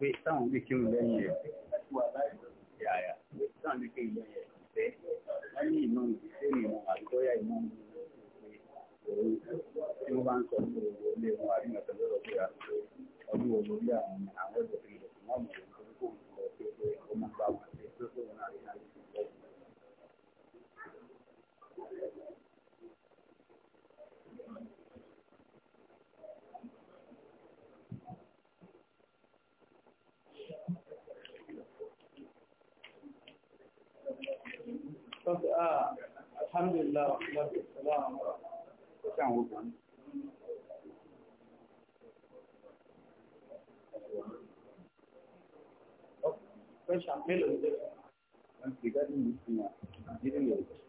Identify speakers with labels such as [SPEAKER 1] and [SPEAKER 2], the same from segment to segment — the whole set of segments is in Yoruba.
[SPEAKER 1] pé
[SPEAKER 2] táwọn lè kírun lẹ́yìn ẹ̀.
[SPEAKER 1] sọ́tọ̀ àà ah, alhamdulillah ọ̀pọ̀lọpọ̀ ìṣẹ̀lẹ̀ àwọn ọ̀rọ̀ tó ṣàwọn obìnrin
[SPEAKER 2] Question, mélòó ló dé? Regarding this thing, I'm giving you a question.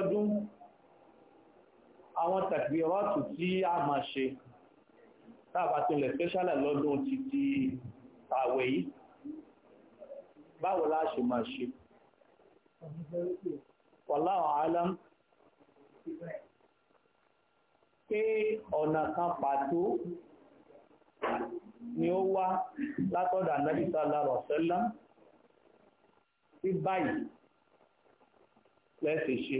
[SPEAKER 2] ọdún àwọn tàbírọ́tù tí a máa ṣe tàbà tó lẹ̀ fẹ́ṣálẹ̀ lọ́dún ti ti àwẹ̀ yìí báwo la ṣe máa ṣe wallahu alam pé ọ̀nà kan pàtó ni ó wá látọ̀dọ̀ Ànábì sallallahu alaihi wasallam tí báyìí lẹ́sẹ̀ ṣe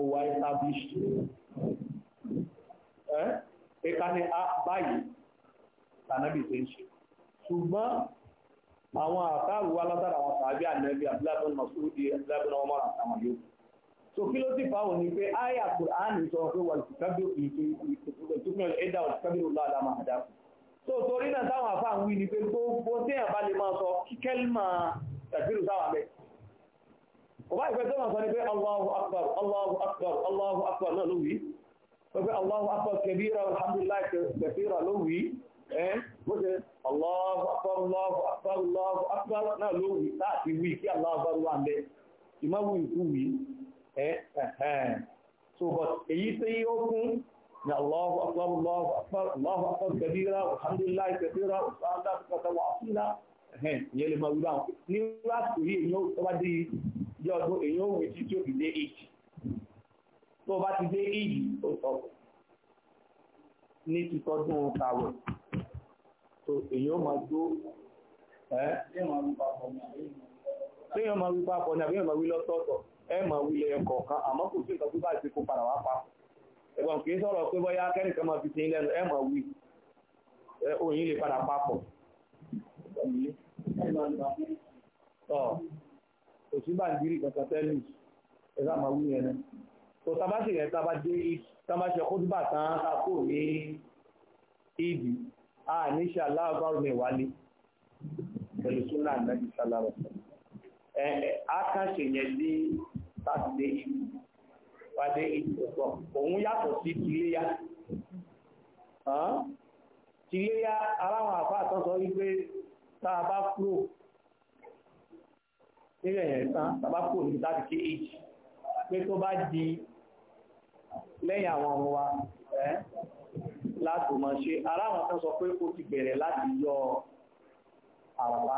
[SPEAKER 2] kò wá established ẹ́ pé ká ní ah, báyìí tànábì ṣe ń ṣe ṣùgbọ́n àwọn àtàrù wa látara àwọn tàbí ànẹ́bí abúlábọ́n masúrúdí abúlábọ́n ọmọ àtàwọn yóò so kí ló sì fa òní pé àyà kùránì sọ pé wà lùkàbí ìtúkùn ẹ̀dà òlùkàbí òlù àdámà àdá so torí náà táwọn àfáà ń wí ni pé gbogbo tí èèyàn bá lè máa sọ kíkẹ́lì máa tàbí ìrù sáwà bẹ́ẹ̀ ọba ìfẹ́ tó máa sọ ní pé Allahu Akbar Allahu Akbar Allahu Akbar náà ló wí pẹ̀pẹ́ Allahu Akbar kabira alhamdulillah kabira ló wí ẹ́ bó ṣe Allahu Akbar Allahu Akbar Allahu Akbar náà ló wí láti wí kí Allahu Akbar wà ń bẹ ìmọ̀wù ìkú wí ẹ́ ẹ̀hẹ́n so but èyí tí ó kún ni Allahu Akbar Allahu Akbar Allahu Akbar kabira alhamdulillah kabira ọ̀sán dákúkọ̀tà wà fún náà ẹ̀hẹ́n ní wàásù yìí èyí ó tọ́ bí ọdún èyàn òwú tí tí ó fi dé èjì tó bá ti dé èjì ó sọ̀kù ní ti tọdún kàwẹ̀ tó èyàn máa dó ẹ́ tí èyàn máa wí papọ̀ ní àbíyàn máa wí lọ́tọ̀ọ̀tọ̀ ẹ máa wí lẹ́yìn kọ̀ọ̀kan àmọ́ kò sí ìtọ́jú bá ti kó padà wá pa ẹ̀gbọ́n kì í sọ̀rọ̀ pé bọ́yá kẹ́nìkan máa fi ti lẹ́nu ẹ máa wí oyin lè padà papọ̀. Tọ́ kò sí bàǹdírì kankan tẹ́lẹ̀ ẹ̀rọ àmọ́ wí yẹn náà tó tá a bá sì rẹ̀ tá a bá dé tá a bá ṣe kódùbà tán tá a kò ní ìdí a ní ṣe aláàbárò mi wálé pẹ̀lú súnà àdájú sálárọ̀ ẹ̀ á kàn ṣèyẹn dé sátidé ìlú pàdé ìtòsọ òun yàtọ̀ sí tìléyà tìléyà aláwọn àfáà tán sọ wípé tá a bá kúrò nílẹ̀ yẹn tán tabako ní láti ké èjì pé tó bá di lẹ́yìn àwọn ọmọ wa ẹ́ láti mọ̀ ṣe ara àwọn tó sọ pé ó ti bẹ̀rẹ̀ láti yọ àràpá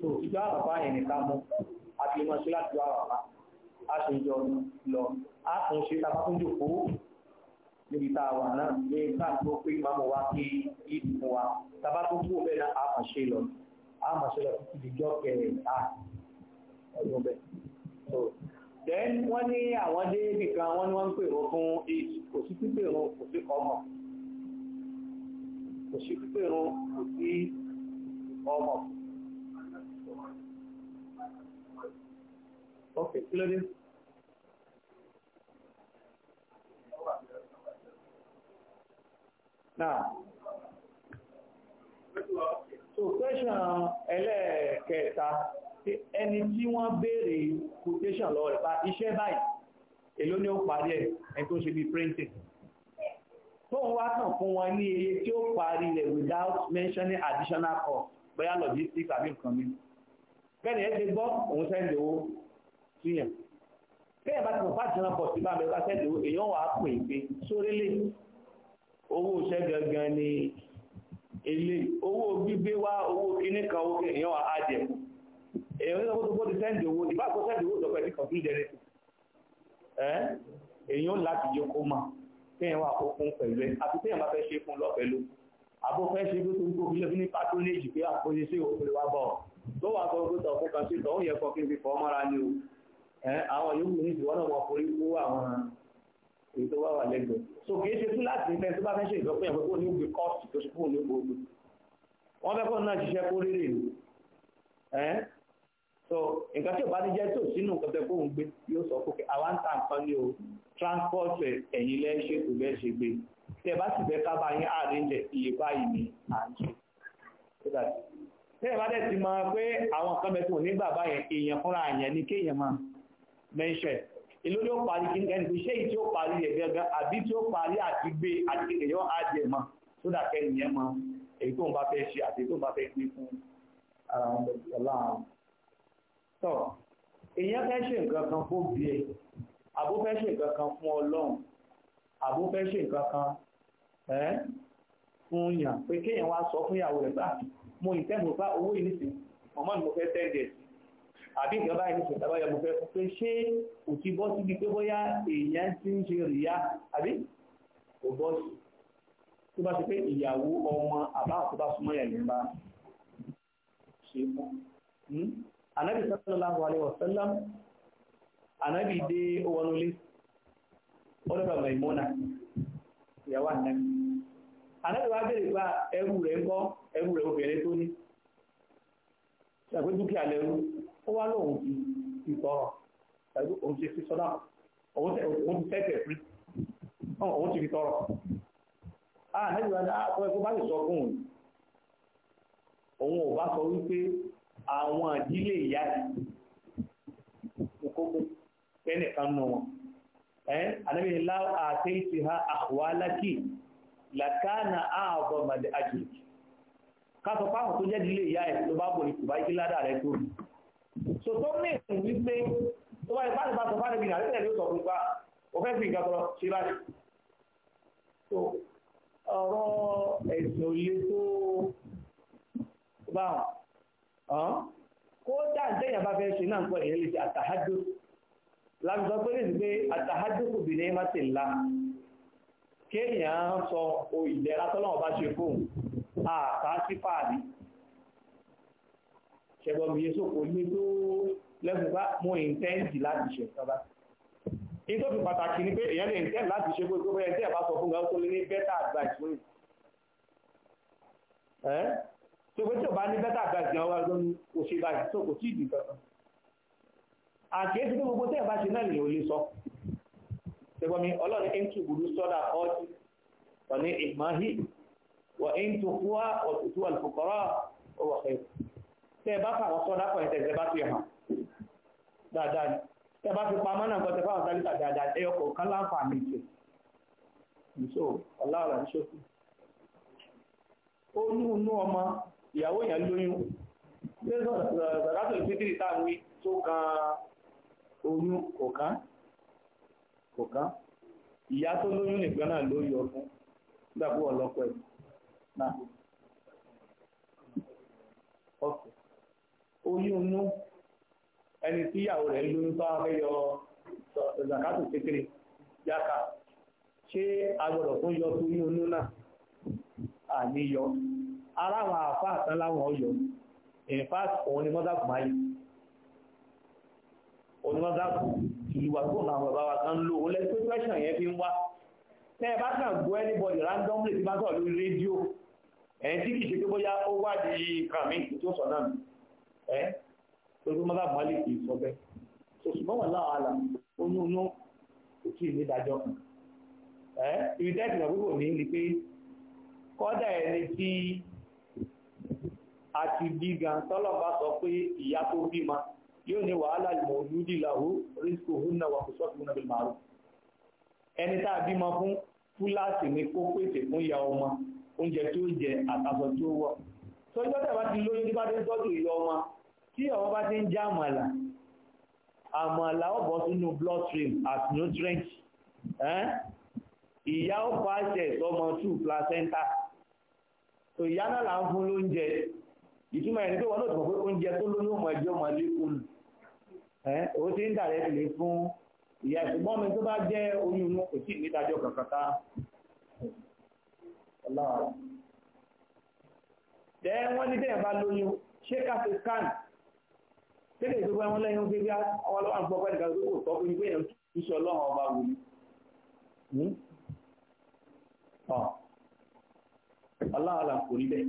[SPEAKER 2] tó ìjọ àràpá yẹn nìkan mú àti mọ̀ ṣe láti yọ àràpá a ṣe yọ lọ a tún ṣe tabakúnjò kó níbi tá a wà náà ní káàkiri pé ìmáàmù wa kí ìdùnnú wa tabakúnjò a mọ̀ a mọ̀ ṣe lọ títí ìjọ ọdún wọ́n ní àwọn dé nìkan wọ́n ní wọ́n ń pè fún eight kò sí pípè kò sí ọmọ kò sí pípè so question ẹlẹ́ẹ̀kẹta. ẹni tí wọ́n béèrè quotation lọ rẹ̀ pa iṣẹ́ báyìí èló ni ó parí ẹ̀ ẹni tó ṣe bí printing tó ń wá kàn fún wọn ní iye tí ó parí rẹ̀ without mentioning additional cost bóyá logistics àbí nǹkan mi bẹ́ẹ̀ni ẹ ti gbọ́ òun sẹ́ndì owó síyàn bẹ́ẹ̀ bá ti mọ̀ fáàtì náà pọ̀ sí bá bẹ́ẹ̀ bá sẹ́ndì owó èèyàn wà á pè é pé sórílẹ̀ owó iṣẹ́ gangan ni èlé owó gbígbé wá owó kíní kan owó èèyàn wà á jẹ̀kù èèyàn lọ́wọ́ tó gbọ́dọ̀ sẹ́ǹdì owó ìbá kó sẹ́ǹdì owó ìjọba ẹ̀mí kan fún ìjẹrẹ ẹ́ èèyàn láti yọ kó mà kéèyàn wà kó fún pẹ̀lú ẹ àti kéèyàn bá fẹ́ ṣe fún lọ́fẹ̀ẹ́ ló àbó fẹ́ ṣe bí tó ń gbóbi lẹ́bí ní patronage pé àkóyè sí òkú lè wá bọ̀ tó wà sọ pé tọ̀kú kan sí tọ̀hún yẹ kọ́ kí n fi fọ́ mọ́ra ni o àwọn yòókù ní ìwọ́n náà wọ́n forí kó àwọn èyí tó wà wà lẹ́gbẹ̀ẹ́ so kì í ṣe fún láti fẹ́ tó bá fẹ́ ṣe ìgbọ́pẹ́ yẹn pé kó ní gbé kọ́ọ̀tù tó ṣe fún òní gbogbo wọ́n fẹ́ kó náà ṣiṣẹ́ kó rírì ẹ́ so nǹkan tí ò bá ní jẹ́ tó sínú nǹkan tẹ́ kóhun gbé yóò sọ pé àwa ń ta nǹkan ní o transport ẹ̀yìn lẹ́ṣẹ̀ kò lẹ́ṣẹ̀ gbé tẹ́ bá sì fẹ́ ká bá yín àárín jẹ iye báyìí ni à ń ṣe tẹ́ ẹ bá dẹ̀ ti mọ pé àwọn nǹkan mẹ́tò ní bàbá èèyàn fúnra yẹn ni kéèyàn máa mẹ́ṣẹ̀ èló ló parí kí nǹkan ẹnìkan iṣẹ́ tí ó parí rẹ̀ gangan àbí tí ó parí àti gbé àti kékeré wọn á jẹ mọ́ sódà kẹ́yìn yẹn mọ èyí tó ń ara wọn lọ́wọ́ tọ́ èèyàn fẹ́ ṣe nǹkan kan fún bí ẹ àbó fẹ́ ṣe nǹkan kan fún ọlọ́run àbó fẹ́ ṣe nǹkan kan ẹ́ fún yàn pé kéèyàn wá sọ fún ìyàwó rẹ̀ bá mo ìtẹ́nu bá owó yìí nìsín mọ̀mọ́ ni mo fẹ́ tẹ́lẹ̀ àbí ìjọba yìí nìsín tàbí ọmọ fẹ́ fún pé ṣé kò ti bọ́ síbi pé bóyá èèyàn ti ń ṣe rìyá àbí kò bọ́ sí tó bá ti pé ìyàwó ọmọ àbá àkóbá súnmọ́ yàrá ìbá ṣe mọ́ ànábì sallallahu alaihi wasallam ànábì dé wọnú lé ọlọ́bà Maimuna ìyàwó ànábì ànábì wá bèèrè pa ẹrú rẹ̀ ńkọ́ ẹrú rẹ̀ obìnrin tó ní ṣàgbé dúkìá lẹ́rú ó wá lóun ti ti tọrọ ṣàgbé òun ti fi sọdá òun ti tẹ́tẹ̀ fún òun ti fi tọrọ ànábì wá ní àpò ah, ẹ̀kọ́ bá lè sọ fún òun ò bá sọ wípé àwọn ìdílé ìyá ìkókó pẹ́nìkan nù wọn ẹ́n anábìyí láwọ́ àtẹ́yìtì ha àwálákì làkánà ààbọ̀ màdé àjèjì kásọ̀ páwọn tó jẹ́ ìdílé ìyá ẹ̀ tó bá bò ní kùbá ikí ládàá rẹ̀ tó rí so tó mẹ́rin wípé tó bá ipá nípa sọ fáwọn ìbìnà àrísẹ̀ ló sọ fún ipa ó fẹ́ fi ìgbàgbọ́ ṣe báyìí so ọ̀rọ̀ ẹ̀sìn òye tó báwọn kó dáńtẹ́ yẹn bá fẹ́ ṣe náà pọ̀ èyí lè ṣe àtàhájú lágbàá pé lè gbé àtàhájú kò bì ní mátìlá kéèyàn sọ ìdẹ̀ra tọ́lọ́wọ́ bá ṣe fóun àtàásífà ní ṣẹgbọ́n mi sókò ní tó lẹ́gùn bá mú ìntẹ́ǹtì láti ṣe ìjọba in tó fi pàtàkì ní pé èyàn lè ìntẹ́ǹtì láti ṣe gbogbo ẹ̀ tí sọ fún gbogbo ní bẹ́tà advice fún ẹ̀ tòwé tí ò bá ní bẹ́tà gbàgbé ọwọ́ ẹgbẹ́ ní òṣè báyìí tó kò tí ì dìgbà kan àkíyèsí pé gbogbo tẹ́ẹ̀ bá ṣe náà lèyìn ò lè sọ ṣẹgbọ́n mi ọlọ́ni ẹ̀ńtù gbùdú sọ́dà ọ́ọ́tì ọ̀ní ìmáhì wọ̀ ẹ̀ńtù kúwà ọ̀tútù àlùfòkọ́rọ́ ọwọ́ ẹ̀ tẹ́ẹ̀ bá fà wọ́n sọ́dà pọ̀ ẹ̀tẹ̀ bá fi hàn dáadáa ni tẹ́ẹ̀ bá fi pamọ́ náà gbọ́tẹ̀ fáwọn sálítà dáadáa ẹ̀yọ kọ̀ọ̀kan ọmọ ìyàwó èèyàn lóyún zakatul fitri tá à ń wí tó kan oyún kò kán kò kán ìyá tó lóyún nìkan náà ló yọ fún gbàgbó ọlọpọ ẹ náà ọkọ oyún inú ẹni tí ìyàwó rẹ̀ lóyún tó fẹ́ yọ zakatul fitri yàkà ṣé a fún yọ tó oyún inú náà àníyọ ara àwọn àfá àtàn láwọn ọyọ in fact òun ni mọ́dàkù máa yìí òun ni mọ́dàkù ìlúwà tó ń àwọn bàbá wa kan lò ó lẹ́sí pẹ́sàn yẹn fi ń wá tẹ́ ẹ bá kàn gbọ́ anybody randomly ti bá sọ̀rọ̀ lórí rédíò ẹ̀yìn tí kìí ṣe pé bóyá ó wádìí kan mi tí ó sọ náà mi ẹ́ torí mọ́dàkù máa lè kì í sọ bẹ́ẹ̀ ṣùgbọ́n wọn láwọn àlà ó kò tí ì ní ìdájọ́ ẹ́ ibi tẹ́ẹ̀tì náà ní ni pé kọ́dà ẹni tí àti gígan tọ́lọ̀ bá sọ pé ìyá tó bímọ yóò ní wàhálà ìmọ̀ olúdí làwó rísíkò húnna wà fún sọ́ọ̀tún náà bímọ àrùn ẹni tá a bímọ fún fúláàsì ni kó pèsè fún ìyá ọmọ oúnjẹ tó jẹ àtàṣọ tó wọ sọjọ́ tẹ̀ bá ti lóyún tí bá ti ń tọ́jú ìyá ọmọ tí ọmọ bá ti ń jẹ àmàlà àmàlà ó bọ́ sínú blood stream as nutrient ìyá ó pàṣẹ sọmọ two placenta so ìyá náà là ń fún lóúnjẹ ìtumọ̀ ẹni pé wọn náà ti mọ̀ pé oúnjẹ tó lóyún ọmọ ẹjọ́ ọmọ lẹ́kùn ó ti ń dàrẹ́ tìlé fún ìyá ìṣùgbọ́n mi tó bá jẹ́ oyún inú kò tí ì nídájọ́ kàkàtà ọlọ́run tẹ́ wọ́n ní tẹ́yìn bá lóyún ṣé káṣe scan tẹ́lẹ̀ tó bá wọn lẹ́yìn gbé àwọn ọlọ́run ọba wò ní kò rí bẹ́ẹ̀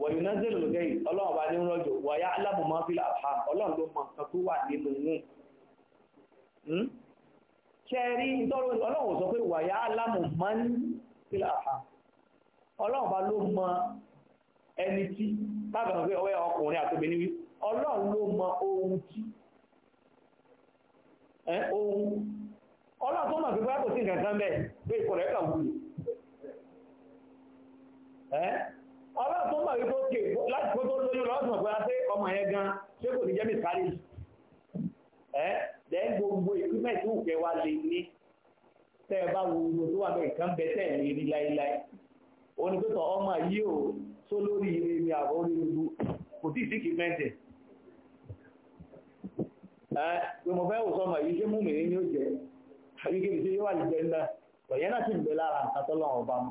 [SPEAKER 2] wọ̀nyúnáṣẹ́ na yìí ọlọ́run bá ní rọ́jò wọ̀yá alábùmọ́ fílà ọlọ́run ló mọ nǹkan tó wà nínú wọn. kẹrí hmm? ìtọ́rọ ọlọ́run sọ pé wọ̀yá alábùmọ́ fílà ọlọ́run bá ló mọ ẹni tí bábà pé ọwẹ́ ọkùnrin àtòbí níwí ọlọ́run ló mọ ohun tí ohun ọlọ́run tó mọ̀ pé bá kò sí nǹkan kan bẹ́ẹ̀ ọlọ́run tó mọ̀ wípé òkè láti kó tó lóyún lọ́sùn pé a ṣe ọmọ yẹn gan ṣé kò ní jẹ́ mìsárì ẹ́ dẹ́ gbogbo ìpínlẹ̀ tí òkè wa lè ní tẹ́ ẹ bá wo gbogbo tó wà bẹ́ẹ̀ nǹkan bẹ́ẹ̀ tẹ́ ẹ̀ lè rí láéláé òun ni pé tọ ọmọ yìí ò tó lórí ire mi àbọ̀ orí gbogbo kò tí ì sí kì mẹ́tẹ̀ ẹ́ pé mo fẹ́ wò sọmọ yìí ṣé mú mi ní ó jẹ àbí kébìtì yóò wà lè jẹ ńlá ọ̀yẹ́ náà sì ń bẹ lára àtàtọ́lọ́ ọ̀bá mu.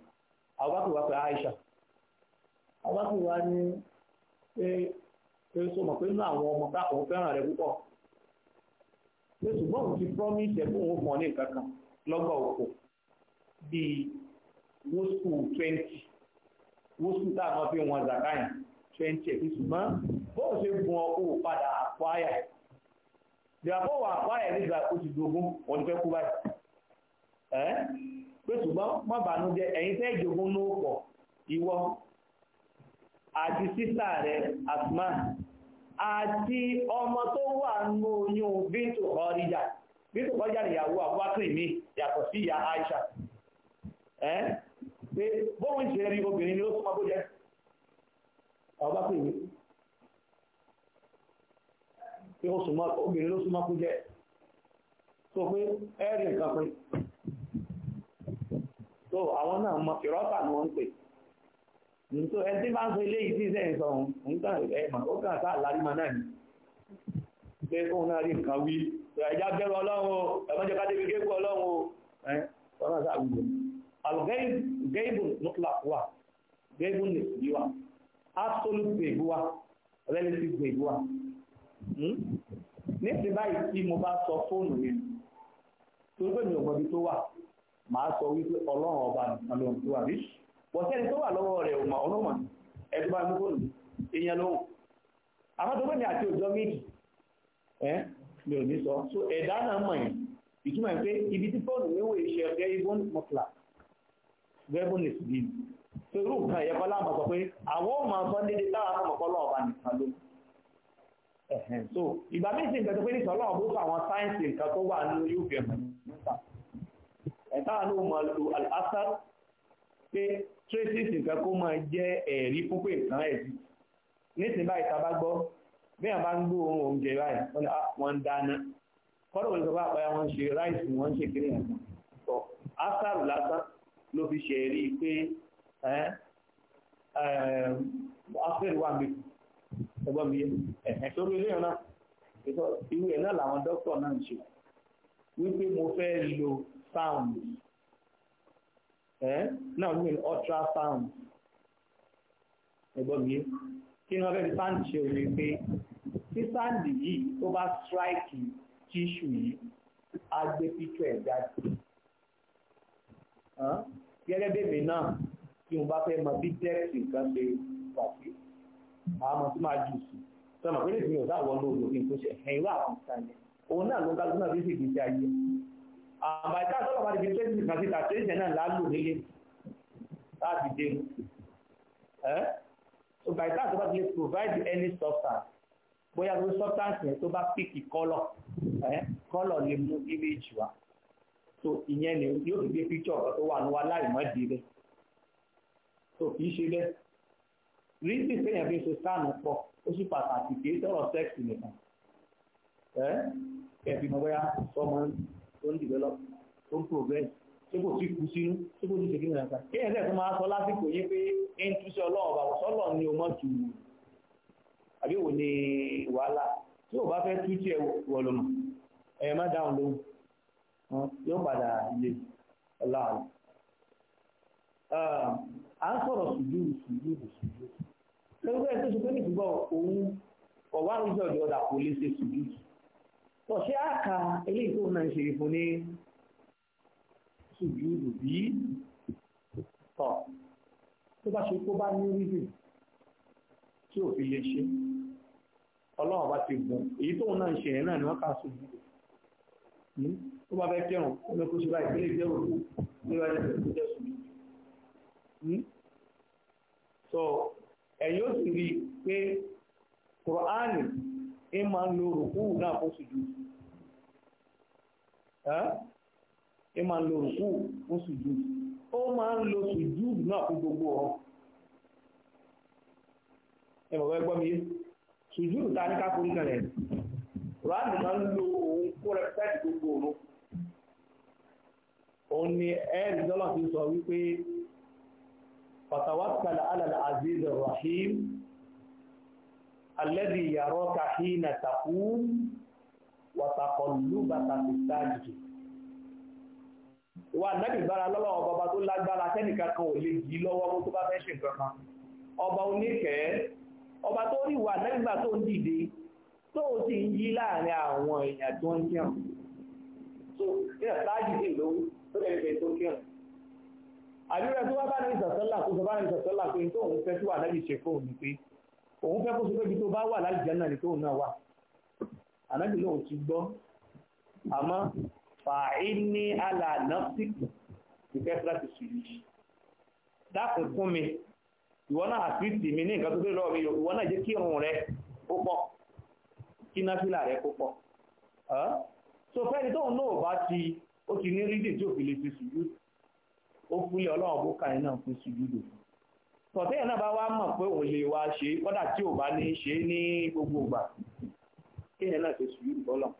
[SPEAKER 2] Abubakar wá pé Aisha Abubakar wá ní pé pé so mọ̀ pé inú àwọn ọmọ tá òun fẹ́ràn rẹ̀ púpọ̀ pé ṣùgbọ́n òun ti promise ẹ̀ fún òun fún ọ ní nǹkan kan lọ́gbà òkò bíi wó skul twenty tá a máa fi wọn zakayin twenty ẹ̀ fi ṣùgbọ́n bóun ṣe gun ọkọ̀ padà àpò àyà ẹ̀ bí àpò wà àpò àyà ẹ̀ nígbà ó ti fẹ́ kú báyìí. pé ṣùgbọ́n má bànújẹ́ ẹ̀yin tẹ́ ìjogún ló àti sísà rẹ̀ asma àti ọmọ tó wà nínú oyún bíntu ọ̀rìjà bíntu ọ̀rìjà nìyàwó àbúwákìrì mi yàtọ̀ sí Aisha pé bóun ṣe rí obìnrin ni ó súnmọ́ bó jẹ́ àbúwákìrì mi pé obìnrin ló súnmọ́ kó jẹ́ tó àwọn náà mọ ìrọ́pà ni wọ́n ń pè nítò ẹ tí bá ń sọ eléyìí tí sẹ́yìn sọ òun tàn ẹ̀ mà ó kàn sáà lárímọ náà ni pé òun náà rí nǹkan wí ẹ̀já bẹ̀rù ọlọ́run o ẹ̀mọ́jọ ká débi gébù ọlọ́run o ẹ̀ ọ̀nà sáà wùdò alùgẹ́ìbù mutlaq wà gẹ́gùn nìsí wà absolute gbègbù wà relative gbègbù wà hmm? nísìnyí báyìí tí mo bá sọ fóònù yẹn torí pé mi tó wà màá sọ wípé ọlọ́run ọba nìkan ló ń tó àbí bọ́sẹ́ni tó wà lọ́wọ́ rẹ̀ ò mọ̀ ọlọ́mọ̀ ẹ̀dùn bá mú fóònù èèyàn lóhùn àmọ́tọ́gbọ́n ni àti òjò méjì ẹ́ mi ò ní sọ so ẹ̀dá náà mọ̀ yẹn ìtumọ̀ ẹ̀ pé ibi tí fóònù níwò iṣẹ́ ọ̀gẹ́ ibon mọ́tìlá gẹ́gbọ́n lè sì bíi so irú nǹkan ẹ̀yẹ kọ́lá mọ̀ sọ pé àwọn ò máa sọ́n dédé táwọn ọmọ kọ́lọ́ ọba nìkan ló so ìgbà méjì nǹkan tó pé nìkan ọlọ́run bó ẹ̀ta àánú máa lo al-asar pé traces nǹkan kó máa jẹ́ ẹ̀rí fún pé nǹkan ẹ̀sìn nísìnyí báyìí tá a bá gbọ́ bí àwọn bá ń gbó ohun oúnjẹ báyìí wọ́n ah, ń dáná kọ́dọ̀ òní sọ ah, bá àpáyà wọ́n ṣe ráìsì wọ́n ṣe kiri ẹ̀sìn sọ
[SPEAKER 1] asaru lásán
[SPEAKER 2] ló fi ṣe rí i pé afẹ́rì wà mí ẹgbọ́n mi ẹ̀hẹ̀ sórí ilé náà irú ẹ̀ náà làwọn dókítà náà ń ṣe wípé mo fẹ́ lo sound eh? now ultra ultrasound ẹgbọ́n mi kí ni wọ́n fẹ́ fi sound ṣe òye pé tí sound yìí tó bá strike tíṣù yìí á gbé píkẹ́ ẹ̀ jáde gẹ́gẹ́ bèbè náà tí mo bá fẹ́ mọ bí dẹ́ẹ̀tì nǹkan ṣe pàṣẹ àmọ́ tí máa jù sí sọmọ pé lè fi hàn sáwọn olóògbé kí n tó ṣe ẹ̀yìn wà àwọn ìta òun náà ló ń kálukú náà fi ṣègbésí ayé àbájá sọ́kọ̀ bá ti fi twenty kan síta twenty náà lálò nílé láti dé ẹ́ so by the time tó provide any substance bóyá ló substance yẹn tó bá pick colour ẹ́ colour lè mú image wá so ìyẹn ni yóò fi gbé picture ọ̀kan tó wà ní láì mọ́ di rẹ̀ so kì í ṣe bẹ́ẹ̀ rídì sẹ́yìn fi ṣe sáànù pọ̀ ó sì pàtàkì kì í sọ̀rọ̀ sex nìkan ẹ́ kẹ̀fì tó ń develop tó ń progress tí kò fi kú sínú tí kò ní ṣe kíni àgbà kí ẹ̀sẹ̀ tó máa sọ lásìkò yìí pé ẹ̀ ń túṣe ọlọ́run bàbá sọ́lọ̀ ni o mọ̀ tù ú àbí wò ni wàhálà tí o bá fẹ́ tú tiẹ̀ wọ̀ lọ́mọ ẹ̀yẹ má dáhùn lóhùn yóò padà ilé ọláàlú. à ń sọ̀rọ̀ sùjúdù sùjúdù sùjúdù lọ́wọ́ ẹ̀ tó ṣe pé nítorí òun ọ̀wá ìjọ́jọ́ ọ̀dà kò lè ṣe sùjúdù tọ̀ṣẹ́ àkà ilé ìtò náà ṣe ìfún ní ṣùgbùrù bí tọ̀ tó bá ṣe kó bá ní rídì tí ò fi lè ṣe ọlọ́run bá ti gùn èyí tóun náà ṣe ẹ̀ náà ni wọ́n kà ṣùgbùrù hmm? tó bá fẹ́ kẹrùn ọmọ kó ṣe ìpínlẹ̀ ìjẹ́ òkú nígbà ìjẹ́ òkú jẹ́ ṣùgbùrù hmm? so ẹ̀yin ó sì rí i pé Kùránì ń máa ń lo rùkú náà fún sùjúdù ń máa ń lo rùkú fún sùjúdù ó máa ń lo sùjúdù náà fún gbogbo ọ̀rọ̀ ẹ mọ̀ wẹ́gbọ́n mi yé sùjúdù ta ní ká forí kalẹ̀ rádì máa ń lo òun kó rẹpẹtẹ́tì gbogbo ọ̀rọ̀ òun ni ẹ̀rí dọ́là ti sọ wípé fatawakkala ala al-aziz alẹ́bí yàrá kàhí na tàkú wàtàkọ̀lù bàtà fi sáàjì ìwà nẹ́bí gbára lọ́wọ́ ọba tó lágbára tẹ́nìkan kan ò lè yí lọ́wọ́ mú tó bá fẹ́ ṣe nǹkan kan ọba oníkẹ́ ọba tó rí ìwà nẹ́bí gbà tó ń dìde tó o sì ń yí láàrin àwọn èèyàn tó ń yàn tó yẹ sáàjì sí ìlú tó lè fẹ́ tó kírun
[SPEAKER 1] àdúrà tó bá bá nẹ́bí
[SPEAKER 2] sọ̀tọ́là tó sọ bá nẹ́bí sọ̀tọ́là pé tó òun fẹ́ tó wà nẹ́bí ṣe fóònù pé òun fẹ́ kó sọ pé ibi tó bá wà lálìjẹ́ náà ni tóun náà wà ànábì lóun ti gbọ́ àmọ́ fàáì ní alànàfíìkì ìfẹ́ láti ṣùgbì dákùn fún mi ìwọ náà àfíìsì mi ní nǹkan tó fẹ́ lọ́wọ́ mi ìwọ náà jẹ́ kí irun rẹ kó pọ̀ kí náfìlà rẹ kó so fẹ́ni tóun náà bá ti ó ti ní rídì tí ò fi lè ṣe ṣùgbì ó fúlẹ̀ ọlọ́run bó kàrin náà fún ṣùgbì dòfin tọ̀tẹ́yìn náà bá wá mọ̀ pé òun lè wá ṣe kọ́dà tí ò bá ní ṣe ní gbogbo ìgbà kéèyàn náà ṣe sùúrù bọ́lọ̀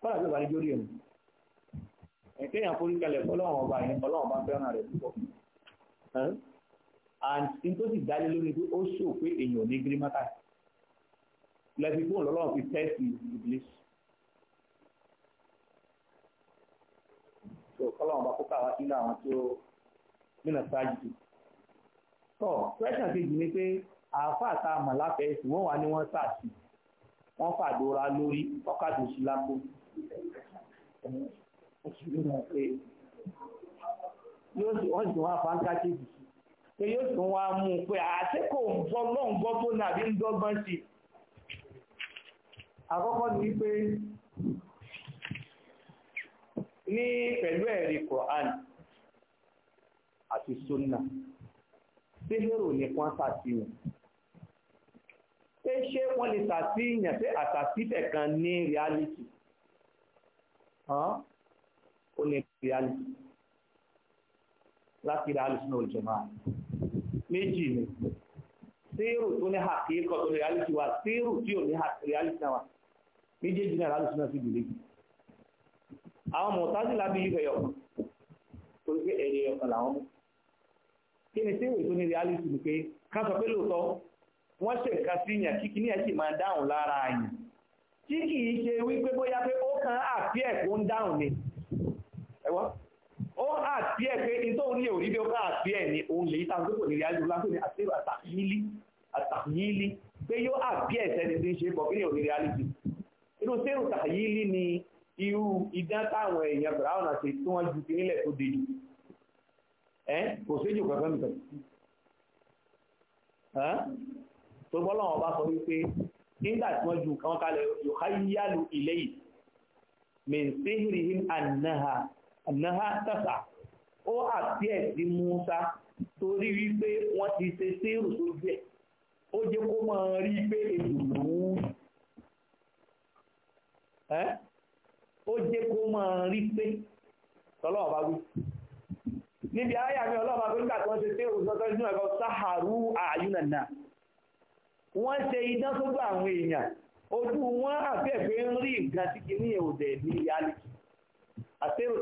[SPEAKER 2] kọ́dà tí ò bá ní jórí ẹ̀mí ẹ̀kéèyàn forí kalẹ̀ fọlọ́run ọba yẹn fọlọ́run bá fẹ́ràn rẹ̀ púpọ̀ and in tó sì dálé lórí pé ó ṣò pé èèyàn ní gírímátà lẹ́fi gbóhùn lọ́lọ́run fi tẹ́sì ìbílẹ̀ so fọlọ́run bá kó káwá sínú nínú sáájú tọ́ pẹ́sàn kejì ni pé àáfàá tá a mọ̀ láfẹ̀ẹ́ sí wọ́n wà ní wọ́n sàṣì wọ́n fàdóra lórí ọkàdó sí lápò yóò sì wọ́n sì wá fáńká kejì sí pé yóò tún wá mú un pé àṣẹ kò ń gbọ́ lọ́n gbọ́ tó ní àbí ń dọ́gbọ́n sí i àkọ́kọ́ ni wípé ní pẹ̀lú ẹ̀rí Kùránì àti sunna síhìrù ní wọ́n ṣàtìyàn pé ṣé wọ́n lè ṣàtìyàn pé àṣàtìfẹ̀ kan ní reality ó ní reality láti ra alùsùn òjòmá méjì ni síhìrù tó ní àkíkọ̀ tó ní reality wà síhìrù tí ò ní reality náà wà méjèèjì náà alùsùn náà sì dìlé àwọn mọ̀tázìlá bí ìfẹ̀yọ̀ torí pé ẹ̀yẹ ọ̀kan làwọn mú kí ni tíwèé tó ní reality ni pé ká sọ pé lóòótọ́ wọ́n ṣe nǹkan sí yàn kí kíní ẹ̀ sì máa dáhùn lára yàn tí kì í ṣe wípé bóyá pé ó kan àti ẹ̀ kó ń dáhùn ni ẹ̀wọ́ ó àti ẹ̀ pé ní tóun ní òrí bí ó kan àti ẹ̀ ni òun lè yí táwọn kò ní reality lápò ní àti pé yóò àti ẹ̀ sẹ́ni ṣe bọ̀ kí ni òrí reality inú sẹ́rù tàyílí ni irú idán táwọn èèyàn bìrà ọ̀nà tí wọ́n ju ẹ́ kò séjò kankan nìkan tó bọ́lá wọn bá sọ wípé nígbà tí wọ́n ju nǹkan kalẹ̀ yòókà yálù ilé yìí mẹ́sìnrì ànáhà ànáhà tàṣà ó àti ẹ̀ sí Musa torí wípé wọ́n ti ṣe séèrù sójú ẹ̀ ó jẹ́ kó máa rí pé èdè lòún ó jẹ́ kó máa rí pé tọ́lọ́wọ́ bá wí níbi ayà mi ọlọ́pàá tó nígbà ṣe tí ó inú ẹ̀kọ́ sáhàrú wọ́n ṣe idán tó gbà àwọn èèyàn ojú wọn àfẹ́fẹ́ ń rí nǹkan tí ní ní reality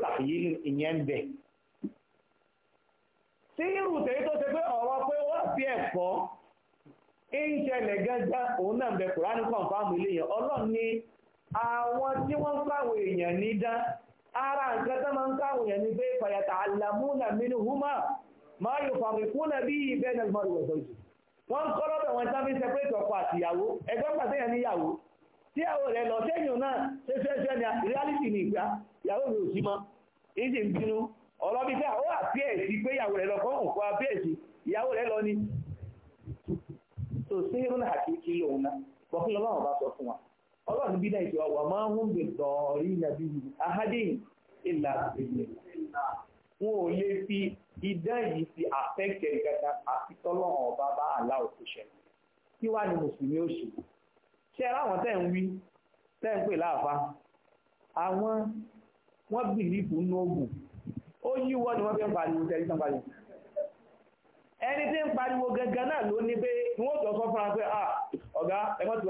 [SPEAKER 2] tàbí ìyẹn ń bẹ̀ tí irú tèyí tó ṣe pé ọ̀rọ̀ pé ẹ̀fọ́ ń ṣẹlẹ̀ gángan òun náà bẹ kùránì kọ̀ǹfàmù ni àwọn ara nke tó máa ya n'ebe yẹn ni pé fàyàtà àlàmúnà mínú húmà máa yóò fàmì fúnà bí ibẹ̀ wọn sábẹ́ sẹpẹ́ ìtọ́kọ àti ìyàwó ẹgbẹ́ pàṣẹ yẹn níyàwó tí ìyàwó rẹ̀ lọ sẹ́yìn náà ni reality ni ìgbà ìyàwó mi ò sí èyí sì ń bínú bíi pé pé lọ ni lòun náà bọ́kúlọ́mọ́ àwọn bá sọ fún wa ọlọ́run bí náà ìjọ wà máa ń bè dọ̀ọ̀rí nàbí ahádé ìlà ìlẹ̀ wọn ò lè fi idán yìí ti àfẹ́kẹ̀ gàdá àti tọ́lọ́run ọba bá àlá òkúṣẹ́ kí wàá ní mùsùlùmí ó ṣe ṣé ẹ láwọn tẹ́ ń wí tẹ́ ń pè láàfa àwọn wọ́n bìlífù nógùn ó yí wọ́n ni wọ́n fi ń pariwo tẹ́lí tán pariwo ẹni tí ń pariwo gangan náà ló ní pé wọ́n jọ sọ fún wa pé ah, ọ̀gá ẹ̀mọ́tò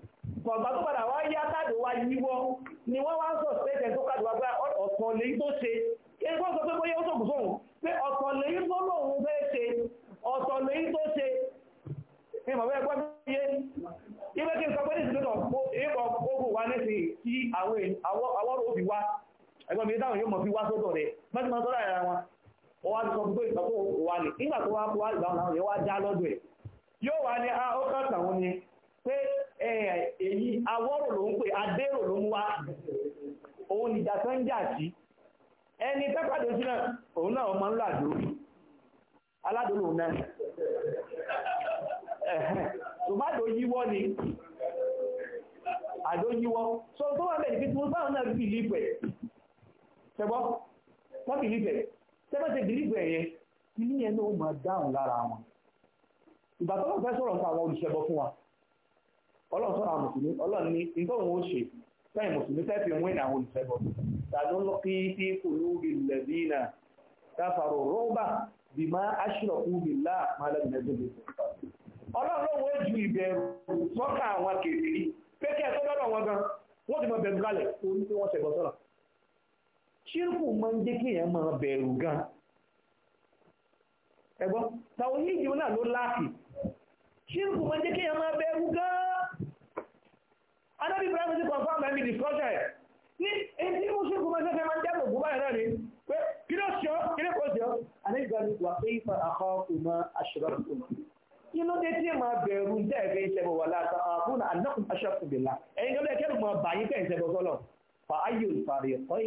[SPEAKER 2] gbọ̀gbà tó padà wá yá káàdì wá yíwọ́ ni wọ́n wá ń sọ sẹ́ẹ̀tẹ̀ tó káàdì wá gbá ọ̀tàn lèyí tó ṣe ẹgbẹ́ sọ pé bóyá ó sọ̀kù sóhun pé ọ̀tàn lèyí tó lòun fẹ́ ṣe ọ̀tàn lèyí tó ṣe ẹ mọ̀ bẹ́ẹ̀ gbọ́dọ̀ yé ibẹ́ kí n sọ pé ní ìsìnkú ìbọn ogun wa nísìnyí tí àwọn òbí wa ẹgbọ́n mi dáhùn yóò mọ̀ fi wá sọ́dọ̀ rẹ̀ mẹ́tí máa sọ́dọ̀ ara wọn wọ́n wá ti sọ pé ìsọ̀kù wà já lọ́dọ̀ ẹ̀ yóò wá ní ah, ó kàn tàwọn ni pé èyí awọ́rò ló ń pè ló òun nìjà ń jà ẹni pẹ́pàdé sí náà òun náà ń lọ aládòlò náà tòmátò yíwọ́ ni àdó yíwọ́ so tó wà bẹ́ẹ̀ ní fún báwọn náà fi ìlípẹ̀ ṣẹgbọ́ wọ́n fi ìlípẹ̀ ṣẹgbọ́ ṣe ìlípẹ̀ yẹn ilé yẹn ló máa dáhùn lára wọn ìgbà tó wọ́n fẹ́ sọ̀rọ̀ fún àwọn fún wa ọlọ́run sọ̀rọ̀ mùsùlùmí ọlọ́run ní nítorí ó ṣe sẹ́yìn mùsùlùmí sẹ́fì mú ìnà àwọn olùṣẹ́bọ̀ tàbí ń lọ kí tí kò lóbi lẹ̀bí nà káfàrò rọ́bà bí má aṣọ kúbi lá ọlọ́run ló wọ́n ju ìbẹ̀rù sọ́kà àwọn tó dọ́dọ̀ wọn gan wọ́n ti mọ bẹ̀rù kalẹ̀ torí wọ́n ṣẹ̀gbọ́ ṣírùkù máa ń gan ẹ̀gbọ́n tàwọn náà ló láàkì adábí ibrahim ti kọ̀ọ̀fà máa ń bí discussion ẹ̀ ní èyí tí mo ṣe kó máa ń sẹ́fẹ́ máa ń jábọ̀ gbogbo ẹ̀ náà ni pé kí ló ṣọ́ kí ló kó ṣọ́ ànígbà ni wà pé ìfà àkọ́ òmà àṣírọ́ òmà kí ló dé tí ẹ máa bẹ̀rù ń tẹ́ẹ̀fẹ́ ìṣẹ́bọ̀ wà láta àbúnà anákùn aṣọ́kùnbìlá ẹ̀yìn gẹ́gẹ́ kẹ́rù máa bà yín kẹ́yìn ṣẹbọ̀ sọ́lọ̀ fa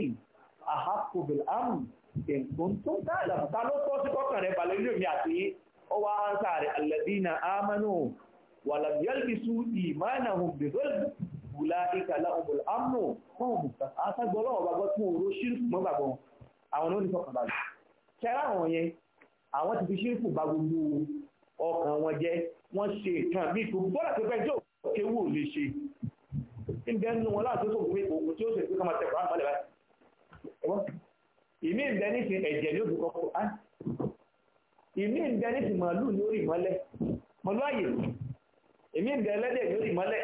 [SPEAKER 2] bùlá ìkàlá ọ̀bọ̀lá àmọ́ wọn ò mùsà àtàgbọ́ ọlọ́wọ́ gbàgbọ́ tí wọn ò ro ṣírùkù mọ́ gbàgbọ́ àwọn ní oníkọ̀ọ̀kan balẹ̀ kẹ́rẹ́ àwọn yẹn àwọn ti fi ṣírùkù bá gbogbo ọkàn wọn jẹ́ wọ́n ṣe ìtàn bí ìtò bọ́lá tó fẹ́ jọ kéwù ò lè ṣe ìbẹ́ nínú wọn láti tó gbé òkú tí ó sì fi kọ́ máa tẹ̀kọ́ àmọ́lẹ̀ báyìí ìmí ìbẹ́ nísìn ẹ̀jẹ̀ ní òbí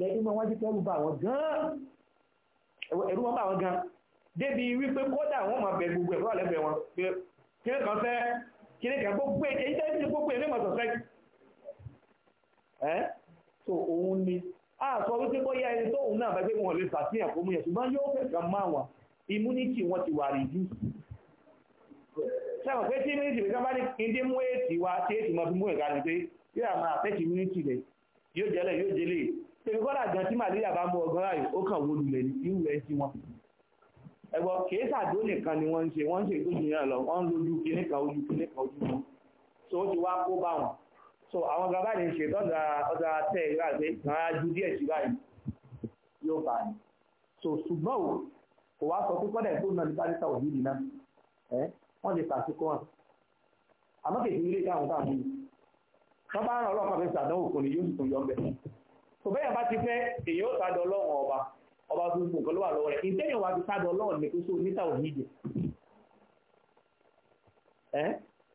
[SPEAKER 2] lẹ́yìn mọ́ wọ́n ti tẹ́rù bá wọn gan-an ẹ̀rù wọn bá wọn gan-an débi wípé kódà wọn máa bẹ gbogbo ẹ̀rọ lẹ́gbẹ̀ẹ́ wọn pé kíní kan fẹ́ kíní kan gbogbo èyí tẹ́lẹ̀ sí gbogbo èyí mọ̀ sọ̀fẹ́ ẹ́ so òun ni a sọ wípé bóyá ẹni tó òun náà bá gbé wọn lè ṣàfihàn fún yẹn ṣùgbọ́n yóò fẹ́ kàn máa wọn immunity wọn ti wà rìdí sẹ́wọ̀n pé tí immunity rẹ̀ sábà ní kíndé mú èètì wa tí èètì mọ̀ fi mú ẹ̀ka ni pé yóò tèmi kọ́dà gan tí màlẹ́yà bá mú ọgọ́rà yìí ó kàn wọlú lẹ̀ níwú ẹ̀ sí wọn ẹgbọ́ kìí sàdó nìkan ni wọ́n ń ṣe wọ́n ń ṣe ìgbójú yẹn lọ wọ́n ń lójú kíní kan ojú kíní kan ojú wọn so ó ti wá kó bá wọn so àwọn gaba ní ṣe tọ́jà ọjà tẹ̀ ìrà pé kàn á ju díẹ̀ sí báyìí yóò bá ní so ṣùgbọ́n o kò wá sọ pé kọ́dà tó náà nípa níta òbí nìna ẹ wọ́n ti sàṣekọ wọn àmọ́ kèké ilé ìdáhùn táwọn yìí wọ́n bá ń rán ọlọ́pàá ní yóò sì tún tó bẹ́yàn bá ti fẹ́ èyàn ó sádọ̀ ọlọ́run ọba ọba tó gbogbo nǹkan ló wà lọ́wọ́ rẹ̀ ìtẹ́yàn wá ti sádọ̀ ọlọ́run ní kóso níta òníjẹ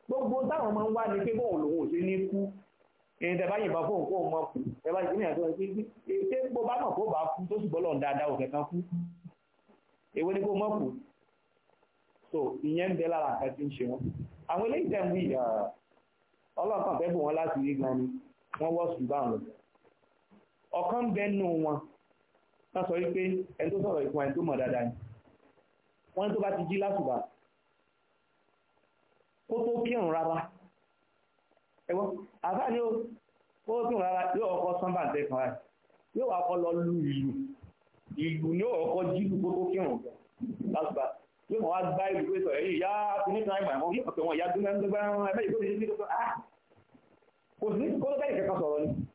[SPEAKER 2] gbogbo táwọn máa ń wá ní pé bóun lòun ò sí ní kú ẹni tẹ bá yìnbọn fóun kó mọ kú ẹ bá ìpínlẹ̀ tó ń pín pín ṣé bó bá mọ̀ kó bá kú tó sì bọ́lọ̀ dáadáa òkè kan kú èwo ni kó mọ̀ kú so ìyẹn ń bẹ lára nǹkan tí ń ṣe wọn àwọn eléyìí tẹ̀ ń wí ọlọ́ọ̀kan fẹ́ bò wọn láti rí gan ni wọ́n wọ́ sùn báwọn ọ̀kan bẹ́nu wọn wọ́n sọ wípé ẹni tó sọ̀rọ̀ ìfún ẹni tó mọ̀ dáadáa ni wọ́n tó bá ti jí lásùbà kó tó kírun rárá ẹgbọ́n àbá ni ó kó tó kírun rárá yóò ọkọ̀ sánbà tẹ́ kan rárá yóò wá kọ́ lọ lu ìlú ìlú ni ó ọkọ̀ jílù kó tó kírun lásùbà yóò wá gbá ìlú pé sọ̀rọ̀ yìí yá fúnìkan ìmọ̀ àwọn yóò pẹ̀ wọ́n yá dúnmọ́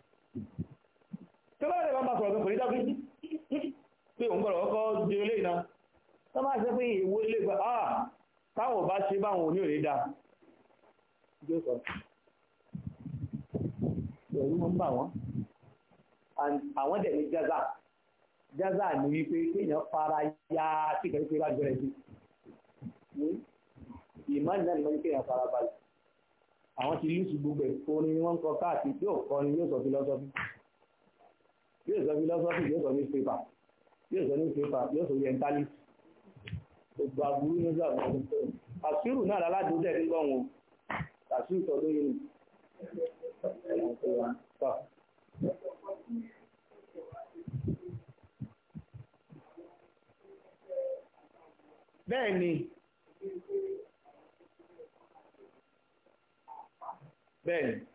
[SPEAKER 2] tí wọ́n bá máa sọ̀rọ̀ pé kò ní dábí pé òun gbọ́dọ̀ ọkọ̀ di olè ah táwọn bá ṣe báwọn òní òní dá ẹ̀rú wọn bà wọ́n àwọn dẹ̀ ní jaza jaza ní wípé kéèyàn fara ya kíkẹ́ pé bá gbẹ̀rẹ̀ sí ìmánì náà ni wọ́n ní kéèyàn fara balẹ̀ àwọn ti lùsù gbogbo ẹ̀ kọrin yóò sọ philosophy yóò sọ newspaper yóò sọ newspaper yóò sọ orientalist gbogbo aburú ní ọjọ́ àwọn ọmọ àṣírù náà láládùn tẹ̀ nígbà wọn àṣírù tọ́ lóye nù. bẹ́ẹ̀ ni bẹ́ẹ̀ ni.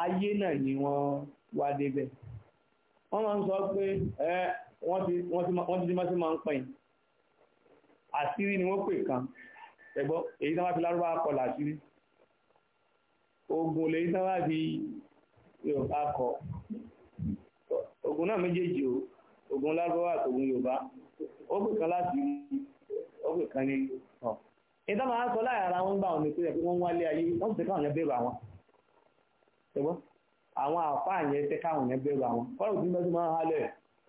[SPEAKER 2] ayé náà ni wọ́n wá débẹ̀ wọ́n máa ń sọ pé wọ́n ti di mọ́sí máa ń ni wọ́n pè kan ẹ̀gbọ́ èyí tán fi lárúbá kọ làṣírí ogun lèyí tán fi yorùbá ogun náà méjèèjì o ogun lárúbá yorùbá ó pè kan láti ó pè kan ní ọ̀ ìtàn máa ń sọ wọn gbà wọn ni pé wálé ayé sì yẹn ṣùgbọ́n àwọn àfáà yẹn tẹ́ káwọn yẹn bẹ̀rù àwọn fọ́nà òbí mẹ́tò máa ń halẹ̀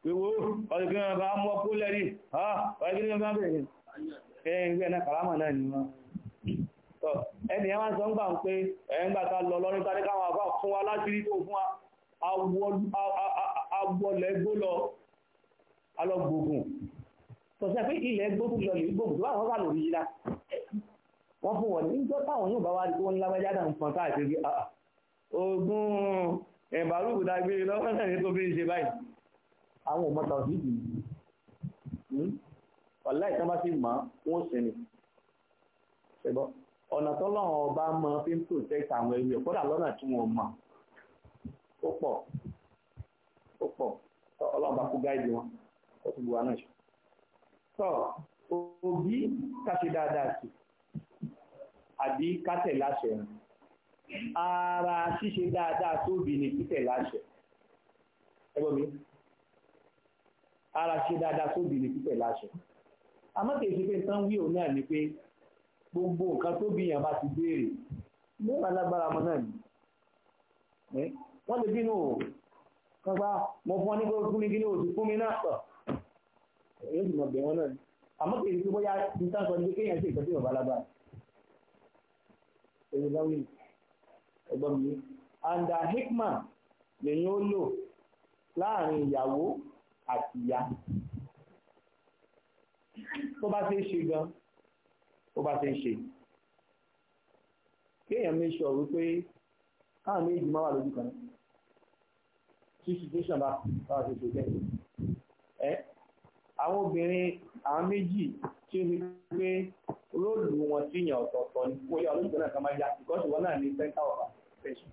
[SPEAKER 2] ìwò ọdún kí wọ́n bá mú ọkú lẹ́rí ọdún kí wọ́n bá bẹ̀rẹ̀ ẹ̀yìn ìgbẹ́ ni wọ́n ẹni yẹn wá sọ ń gbà ń pé ẹ̀yìn gbà ká lọ lọ́rí tàbí káwọn àfáà fún wa láti rí tó fún awọlẹ̀ gbó lọ alọ́gbógun tọ̀sẹ̀ pé ilẹ̀ gbógun lọ lè gbógun tó wà wọ́n kà lórí yíra wọ́n fún wọn ní ìjọ táwọn yóò bá wá rí tó ń lágbájá náà ń fọn káàkiri ogun ẹ̀bàrúkú dágbére lọ́wọ́ náà tó bí ń ṣe báyìí àwọn ọmọ tàbí ọ̀lá ìtàn bá sì mọ̀ wọ́n sì ni ṣẹgbọ́ ọ̀nà tọ́lọ́run ọba mọ fi ń protect àwọn ẹrú ẹ̀ kódà lọ́nà tí wọ́n mọ̀ ó pọ̀ ó pọ̀ ọlọ́run bá kú gáìdì wọn ó ti buwa náà ṣe tọ́ òbí ká ṣe dáadáa sí àbí ká tẹ̀ láṣẹ rẹ̀ ara ṣíṣe dáadáa tóbi ni títẹ̀ láṣẹ ẹgbọ́n mi ara ṣíṣe dáadáa tóbi ni títẹ̀ láṣẹ àmọ́ kìí ṣe pé nǹkan wí náà ni pé gbogbo nǹkan tóbi yàn bá ti béèrè mẹ́wàá lágbára ọmọ náà ni wọ́n lè bínú o kan pa mo fún ọ ní kó fún mi kí ní oṣù fún mi náà pọ̀ èyí sì mọ̀ bẹ̀ wọn náà ni àmọ́ kìí ṣe pé bóyá nǹkan sọ ni pé kéèyàn ṣe ìtọ́jú ìwọ̀n bá lágbára èyí bá wí ẹ̀gbọ́n mi anda hikma lèyìn ó lò láàrin ìyàwó àti ìyá tó bá ṣe é ṣe gan tó bá ṣe é ṣe kéèyàn make sure wípé káwọn méjì máa wà lójú kan tí situation bá bá ṣe ṣe bẹ́ẹ̀ ẹ àwọn obìnrin àwọn méjì ṣe ni pé róòlù wọn sí yàn ọ̀tọ̀ọ̀tọ̀ ni kó yá olóṣèlú náà kan máa yá because wọn náà ní center of attention.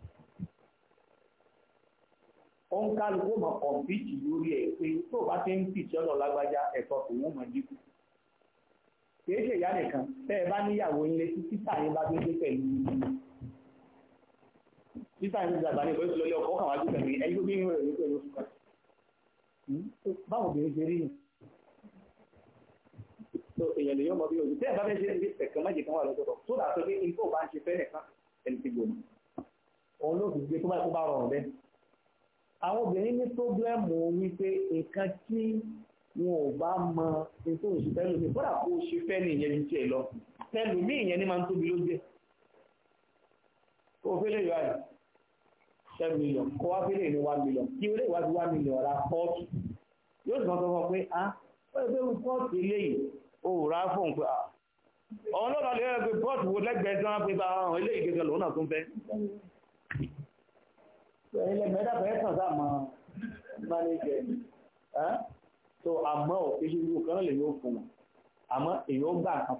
[SPEAKER 2] ó ń kálukú mọ̀ kọ̀m̀pìtì lórí ẹ̀ pé tó o bá ti ń pìtì lágbájá ẹ̀tọ́ kò wọ́n dínkù. ṣe ìyá nìkan tẹ́ ẹ bá níyàwó títà yín bá gbé pẹ̀lú tó èèyàn lè yọ ọmọ bí ojú tí ẹ bá fẹ́ ṣe ní ẹ̀kan méjì kan wà lọ́tọ̀ọ̀tọ̀ tó dà sọ pé nǹkan ò bá ń ṣe fẹ́ nìkan ẹni tí gbòmù. òun ló fi gbé tó báyìí kó bá rọrùn bẹ́ẹ̀. àwọn obìnrin ní pọ́blẹ́mù wípé nǹkan tí wọn ò bá mọ nǹkan tó ń ṣe fẹ́ lómi kódà kó ṣe fẹ́ ní ìyẹn ju tiẹ̀ lọ tẹlu mí ìyẹn ní máa ń tóbi lóde kó fẹ́lẹ̀ yọ àyè ten million kó wá fẹ́lẹ̀ ní one million kí ó lè wá sí one million ra pọ́ọ̀tù yóò sọ fún ọ pé ah ó yẹ pé pọ́ọ̀tù eléyìí ó rà fóun pé ah. ọ̀hún lọ́dọ̀ lè rẹ̀ pé bọ́ọ̀tù wo lẹ́gbẹ̀ẹ́ tí wọ́n pè bá àwọn ilé ìgbésẹ̀ lòun náà tún fẹ́. ilẹ̀ mẹ́ta fẹ́ kàn sáà mọ́ mánéjẹ tó àmọ́ òfin irú kan lè yóò fún wọn àmọ́ èyí ó gbà kan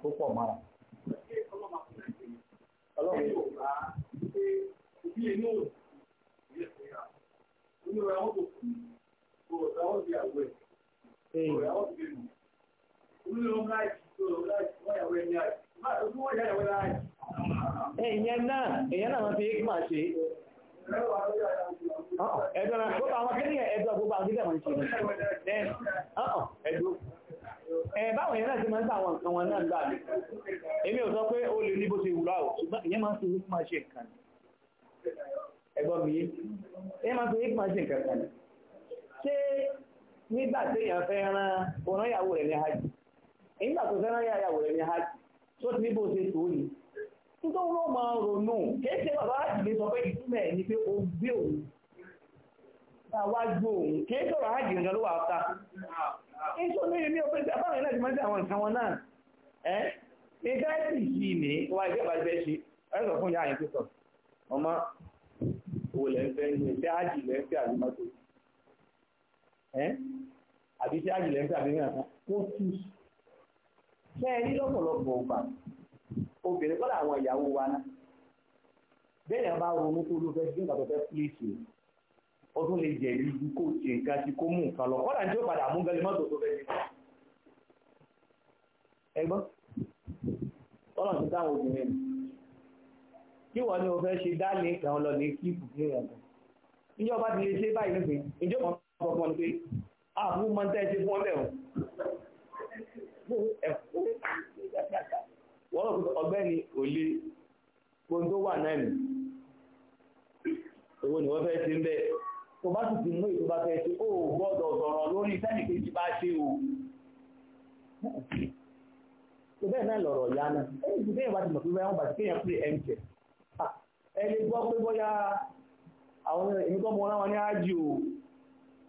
[SPEAKER 2] Èèyàn náà, èèyàn náà wọ́n ti yé máa ṣe. Ẹ̀dọ́ra, gbogbo àwọn akẹ́lẹ̀ ẹ̀dọ́ gbogbo àwọn akẹ́lẹ̀ wọ́n Ẹ̀dọ́. Ẹ̀báwọn èèyàn náà máa ń sàwọn nǹkan wọn náà gbáà. Èmi ò sọ pé ó lè ní bó ṣe wùlá ṣùgbọ́n ìyẹn nígbà tó fẹ́ràn yà yàwó rẹ̀ ní hajj tó ti níbo ṣe tó ní nítorí wọn máa ronú kìí ṣe bàbá láti lè sọ pé ìtumọ̀ ẹ̀ ni pé ó gbé òun àwájú òun kìí sọ̀rọ̀ hajj nǹkan ló wà áfta nítorí ní ìmí ọ̀pẹ́ ìgbà báwọn ìlàjì máa ń tẹ àwọn nǹkan wọn náà ẹ́ ní gáàsì yìí ní wà ìjọba ìbẹ́ ṣe ẹ̀ sọ fún yà yín pípọ̀ ọmọ owó lẹ́ ń fẹ́ ní ẹ̀ṣẹ́ hajj lẹ́ ń fẹ́ àbí ẹ́ àbí ṣẹ́ lẹ́ ń fẹ́ àbí kẹ́ẹ̀rí lọ́pọ̀lọpọ̀ ọgbà obìnrin kọ́lá àwọn ìyàwó wa náà bẹ́ẹ̀ bá ronú tó ló fẹ́ sí nǹkan tó fẹ́ pílíìsì ó tún lè jẹ̀rí ju kó ṣe nǹkan sí kó mú nǹkan lọ kọ́lá ní ó padà mú gẹ́lẹ́ mọ́tò tó fẹ́ sí. ẹgbọ́n tọ́lọ̀ ti dáhùn obìnrin ni kí wọ́n ní o fẹ́ ṣe dá ní ìkàwọn lọ ní kíkù fún ìrìnàjò ìjọba ti lè ṣe báyìí nípìn ìjọba ọkọ̀ ọkọ̀ ni pé àbúrò máa ń tẹ́ ṣe ẹ̀fọ́ wọ́n rò pé ọgbẹ́ni òlé ohun tó wà náà nì owó ni wọ́n fẹ́ ṣe ń bẹ́ tó bá sì ti mú ètò bá fẹ́ ṣe ó gbọ́dọ̀ sọ̀rọ̀ lórí sẹ́nì kejì bá ṣe o tó bẹ́ẹ̀ náà lọ̀rọ̀ ìyá náà ẹ̀yìn tí kéèyàn bá ti mọ̀ pé wọ́n bá ti kéèyàn pè é mjẹ ẹni gbọ́ pé bóyá àwọn ènìkan mọ̀ ọ́n wọn ní ájì o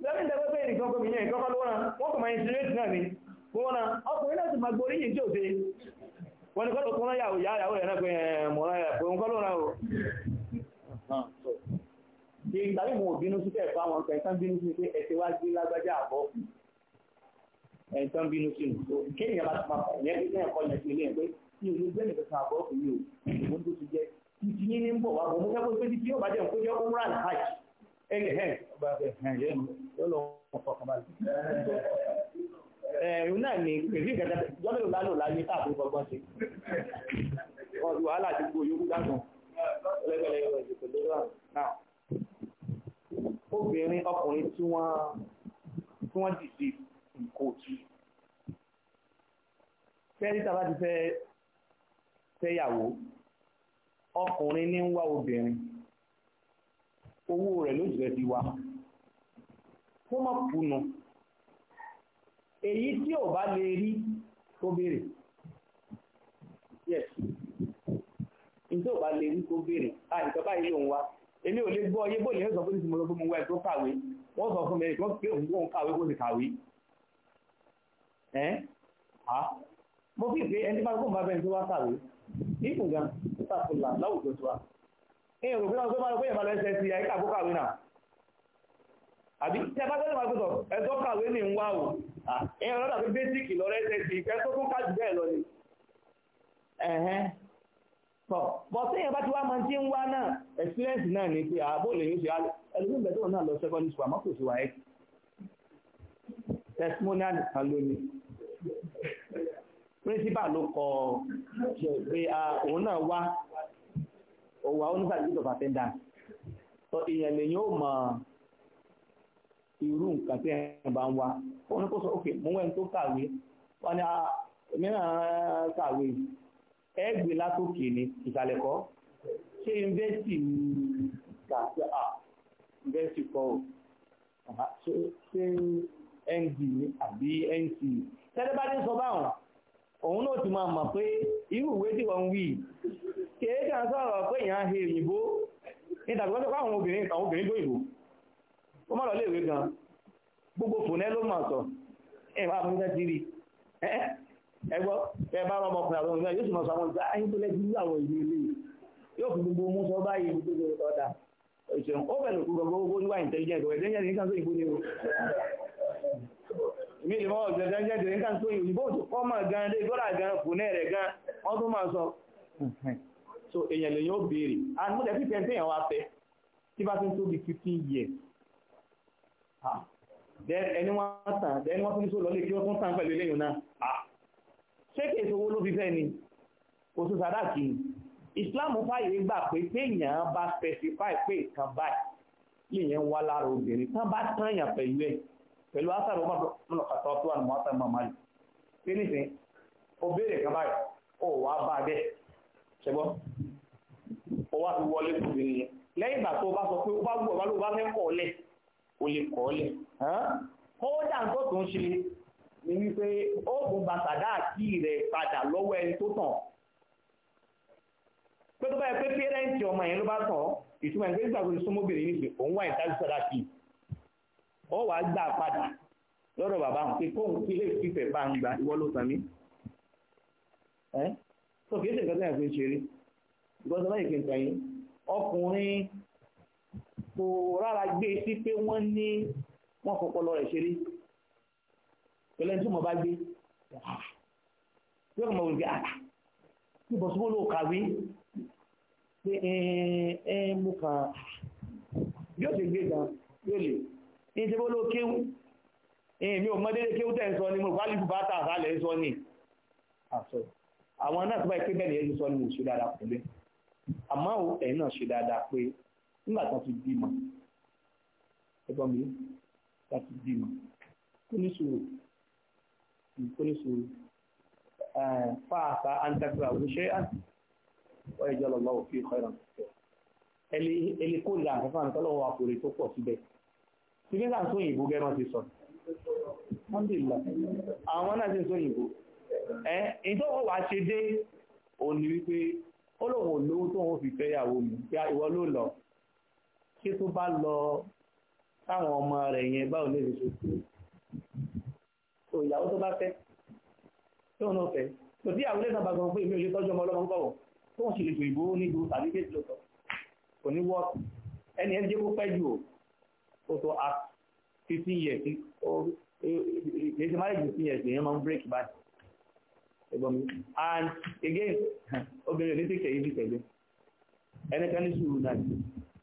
[SPEAKER 2] lẹ́yìn tẹ́gbẹ́ pé ènìkan kọ́ mi yẹn ìkọ́kọ́ lọ́wọ́ náà wọ́n kọ̀ gbọ́nà ọkùnrin láti ma gborí yìí tí ó ya wọ́n ni kọ́lù kúnlọ́ yàwó yàwó ẹ̀rẹ́ pé mọ̀rán ẹ̀pọ̀ ń kọ́lù náà nke mọ̀ bínú sí tẹ̀ fáwọn ẹ̀sán bínú sí pé ẹ̀sẹ̀ wá gbé lágbájá àbọ̀ ẹ̀sán bínú sí kéèyàn ẹ̀rù eh, náà ni pèsè ìkẹta jọ́mẹ́lò lálò láyé tààbí gbọgbọ́n sí
[SPEAKER 1] wàhálà ti gbò yóò dágbọn
[SPEAKER 2] obìnrin ọkùnrin tí wọ́n dìde nǹkan òtí fẹ́rí tàbá ti fẹ́ fẹ́yàwó ọkùnrin ní ń wá obìnrin owó rẹ̀ lójúlẹ̀ ti wá kó má kùnà èyí tí ò bá lè rí kó béèrè yes tí ò bá lè rí kó béèrè a nìkan báyìí ló ń wá èmi ò lè gbọ́ ọyé bóyá sọ fún mi mo lọ fún mi wá kàwé wọ́n sọ fún mi pé òun kàwé kó sì kàwé fi pé ẹni bá tó wá kàwé láwùjọ tó wa tó lọ àbí tẹ́ bá tẹ́lẹ̀ máa ẹ̀tọ́ kàwé ní ń wá o ẹ̀yìn ọ̀rọ̀ àti bẹ́sìkì lọ rẹ́sẹ̀ sí ìfẹ́ tó kún kájú bẹ́ẹ̀ lọ ni ẹ̀hẹ́n tọ̀ bọ̀ tí èèyàn bá ti wá máa ti ń wá náà experience náà ni pé àbó lè yóò ṣe ẹlòmí ìgbẹ́ tóun náà lọ secondary school àmọ́ kò sí wa ẹ́ testimonial kan ló ní principal ló kọ ṣe pé òun náà wá òun àwọn oníṣàlùfẹ́ tó fà fẹ́ dà so ìyẹn lèyìn ó mọ̀ ọ́ irú nǹkan tí ẹ bá ń wá ó ní kó sọ ok mo wẹ́n tó kàwé wọ́n ní ah, mìíràn kàwé ẹ e látòkè nri ka ṣé investi ní à kọ́ ṣé nd ah, ní àbí nc sọ báwọn òun náà ti máa mọ̀ pé irú ìwé tí wọ́n ń wí kéèkàn sọ̀rọ̀ pé ń he òyìnbó ní ó má lọ léèwé gan gbogbo fònẹ́ ló mọ̀ sọ ẹ̀ máa fún iṣẹ́ ti rí ẹgbọ́ ẹ bá rọ ọmọkùnrin àwọn ọmọ yóò sì mọ̀ sọ àwọn ìgbà ayé ah, tó lẹ́jú ní àwọn ìlú ilé yóò fi gbogbo mú sọ báyìí gbogbo ọ̀dà ìṣẹ̀rùn ó bẹ̀rẹ̀ òkú gbogbo owó níwá intelligence ọ̀rẹ́ jẹ́jẹ́ nìkan tó ìbò ní o mi lè mọ́ ọ̀sẹ̀ jẹ́jẹ́ nìkan tó ìbò tó kọ́ mọ̀ gan dé gọ́là gan kù náà rẹ̀ gan wọ́n tó máa sọ so èèyàn lèyìn ó béèrè and mo dẹ̀ fi pẹ́ńtẹ́yàn wá fẹ́ tí bá ti ń tóbi fifteen years ẹni wọ́n tàn ẹni wọ́n tún ní só lọ́lé kí ó tún tàn pẹ̀lú eléyìn náà ṣé kìí ni kò sí Islam fàyè gbà pé téèyàn bá specify pé nǹkan báyìí léèyàn wá lára obìnrin tán bá tààyàn pẹ̀lú ẹ̀ pẹ̀lú ásàrò mọ́lọ̀kàtọ́ tó wà ní mọ́tàn mọ́mọ́ yìí pé nìsín obìnrin kan báyìí ó wàá bá a bẹ́ẹ̀ ṣẹgbọ́n ó wá fi wọlé o lè kọ́ lẹ̀ kódà ń tó tó ń ṣe ni wípé ó kún bàtàdá àti rẹ̀ padà lọ́wọ́ ẹni tó tàn pé tó bá yẹ pé pẹ́rẹ́ǹtì ọmọ yẹn ló bá tàn ìtumọ̀ ìgbésí ìgbàgbọ́ ìsọmọbìnrin nígbè òun wà ìdájú sọ́dá kì í ọ wàá gbà padà lọ́dọ̀ bàbá àwọn pé kóhun kí lè fífẹ̀ bá ń gba ìwọ ló sàmí tó kìí ṣe nǹkan tó yẹ fi ń ṣeré ìgbọ́sọ̀ láyé kí kò rárá gbé e sí pé wọ́n ní wọ́n fọpọlọ rẹ̀ ṣeré pẹ̀lú ẹni tí mo bá gbé yóò kàn máa wò pé àtà ah, tí bọ̀ síbó ló kàwé pé ẹ ẹ mo kàn yóò ṣe gbé e gan yóò lè ní síbó ló kéwú èmi ò mọdé kéwú tẹ̀ ń sọ ni mo bá lè bá tà àsálẹ̀ ń sọ ni àwọn náà tó bá yẹ pé bẹ́ẹ̀ ni ẹ ti sọ ni mo ṣe dáadáa pẹ̀lú àmọ́ ẹ̀yin náà ṣe dáadáa pé nígbà tó ti bímọ ẹ̀gbọ́n mi tó ti bímọ kó ní sòrò kó ní sòrò fáàfà antagra oníṣẹ́ wọ́n ẹjọ́ lọ lọ́wọ́ fi ìkọ́ ìrànlọ́wọ́ fẹ́ ẹni kó ìlànà fún àwọn tọ́lọ́wọ́ àpòrè tó pọ̀ síbẹ̀ síbẹ̀ náà sún òyìnbó gẹ́rán ti sọ mọ́ndìlá àwọn náà ti sún òyìnbó ẹ ìtọ́wọ́ wàá ṣe dé òní wípé ó lòun ò lówó tóun fi fẹ́ yàwó mi ìwọ ló lọ kí tó bá lọ táwọn ọmọ rẹ̀ yẹn báwo lè lè ṣòkú tó ìyàwó tó bá fẹ́ tó ń fẹ́ tó tí àwọn ẹ̀sán bá gan pé èmi ò lè tọ́jú ọmọ ọlọ́mọ gbọ̀wọ̀ tó ń ṣe lè tò ìbò níbo tàbí kéjì lọ́tọ̀ kò ní wọ́ọ̀kù ẹni ẹni jẹ́ pẹ́ jù ó tó a ah, fifteen years kì í ṣe marriage fifteen years èèyàn máa ń break by ẹ̀gbọ́n mi and again obìnrin ò ní tẹ̀kẹ̀ yìí ti tẹ̀lé ẹnikẹ́ni sùúrù náà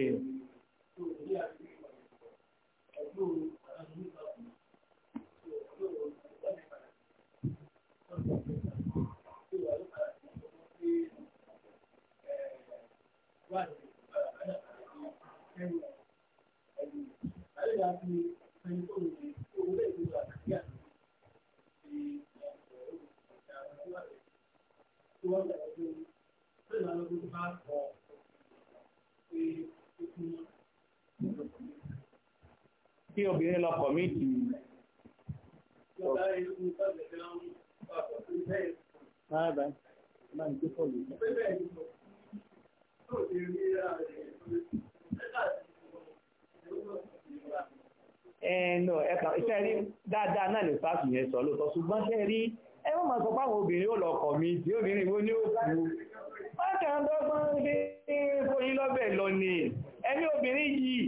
[SPEAKER 1] èèyàn. Thank you
[SPEAKER 2] kí obìnrin lọ kọ̀mítì ẹ̀nà ẹ̀kà iṣẹ́ rí dáadáa náà lè sáàtì yẹn sọ lóòtọ́ ṣùgbọ́n ṣe rí ẹwọ́n máa sọ páwọn obìnrin ó lọ kọ̀mítì obìnrin wo ni ó kú akẹ́ndọ́gbọ́n ní fòyí lọ́bẹ̀ lọ ni ẹni obìnrin yìí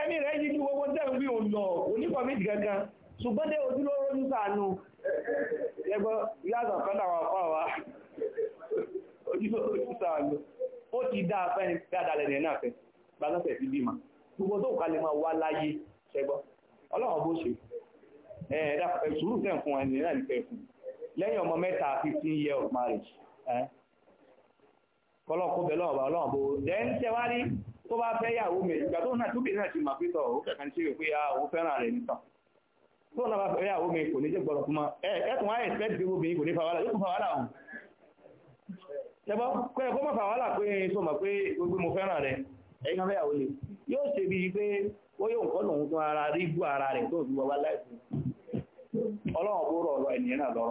[SPEAKER 2] ẹni rẹ̀ yìí kí gbogbo tẹ́rù bí òun oníkọ̀míjì gangan ṣùgbọ́n dé ojúlówó ní sàánú ẹgbọ́ ìyáàzọ̀ ọlọ́run bó lẹ́yìn ọmọ mẹ́ta fifteen year of marriage kọlọ́kọ́ bẹ̀rẹ̀ ọ̀bà ọlọ́run bó then tẹwárí tó bá fẹ́ yàwó mẹ́rin ìgbà tó náà tóbi náà ti mà pé tọ̀ ó kẹ̀kẹ́ ṣe pé àwọn ah, fẹ́ràn rẹ̀ nìkan tó náà bá fẹ́ kò ní jẹ́ gbọ́dọ̀ fún ma wáyé expect bí obìnrin kò ní fa wàhálà yóò fa wàhálà pé mọ̀ fa wàhálà pé tó mọ̀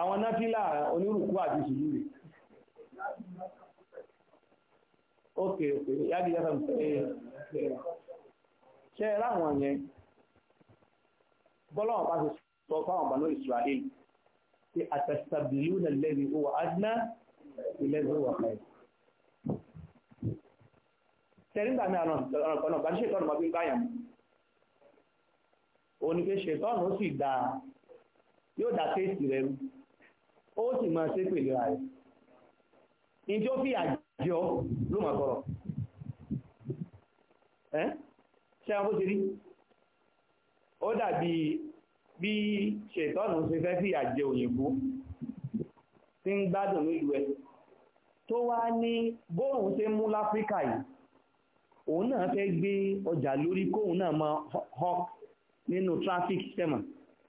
[SPEAKER 2] àwọn náfílà onírùkú àti sùúrù rẹ̀ ok ok yáàdì yáàdì ṣe ṣe ráwọn yẹn bọ́lọ́wọ́n bá ti sọ fáwọn bànú Israel tí àtẹ̀sàbìlú nà owó adná ìlẹ́bi owó àkàyè tẹ̀rígbà mi àná ọ̀nà bá ṣètọ́nù yóò dá kéèsì rẹ̀ rú ó sì máa ṣe pèlè ra rẹ̀ ìjọ fi àjọ ló máa tọrọ ẹ́ ṣé àwọn bó ṣe rí ó dàbí bí ṣètọ́nù ṣe fẹ́ fi àjẹ òyìnbó tí ń gbádùn nílùú ẹ tó wá ní bóun ṣe mú láfíríkà yìí òun náà fẹ́ gbé ọjà lórí kóun náà máa hawk nínú traffic sẹ́mọ̀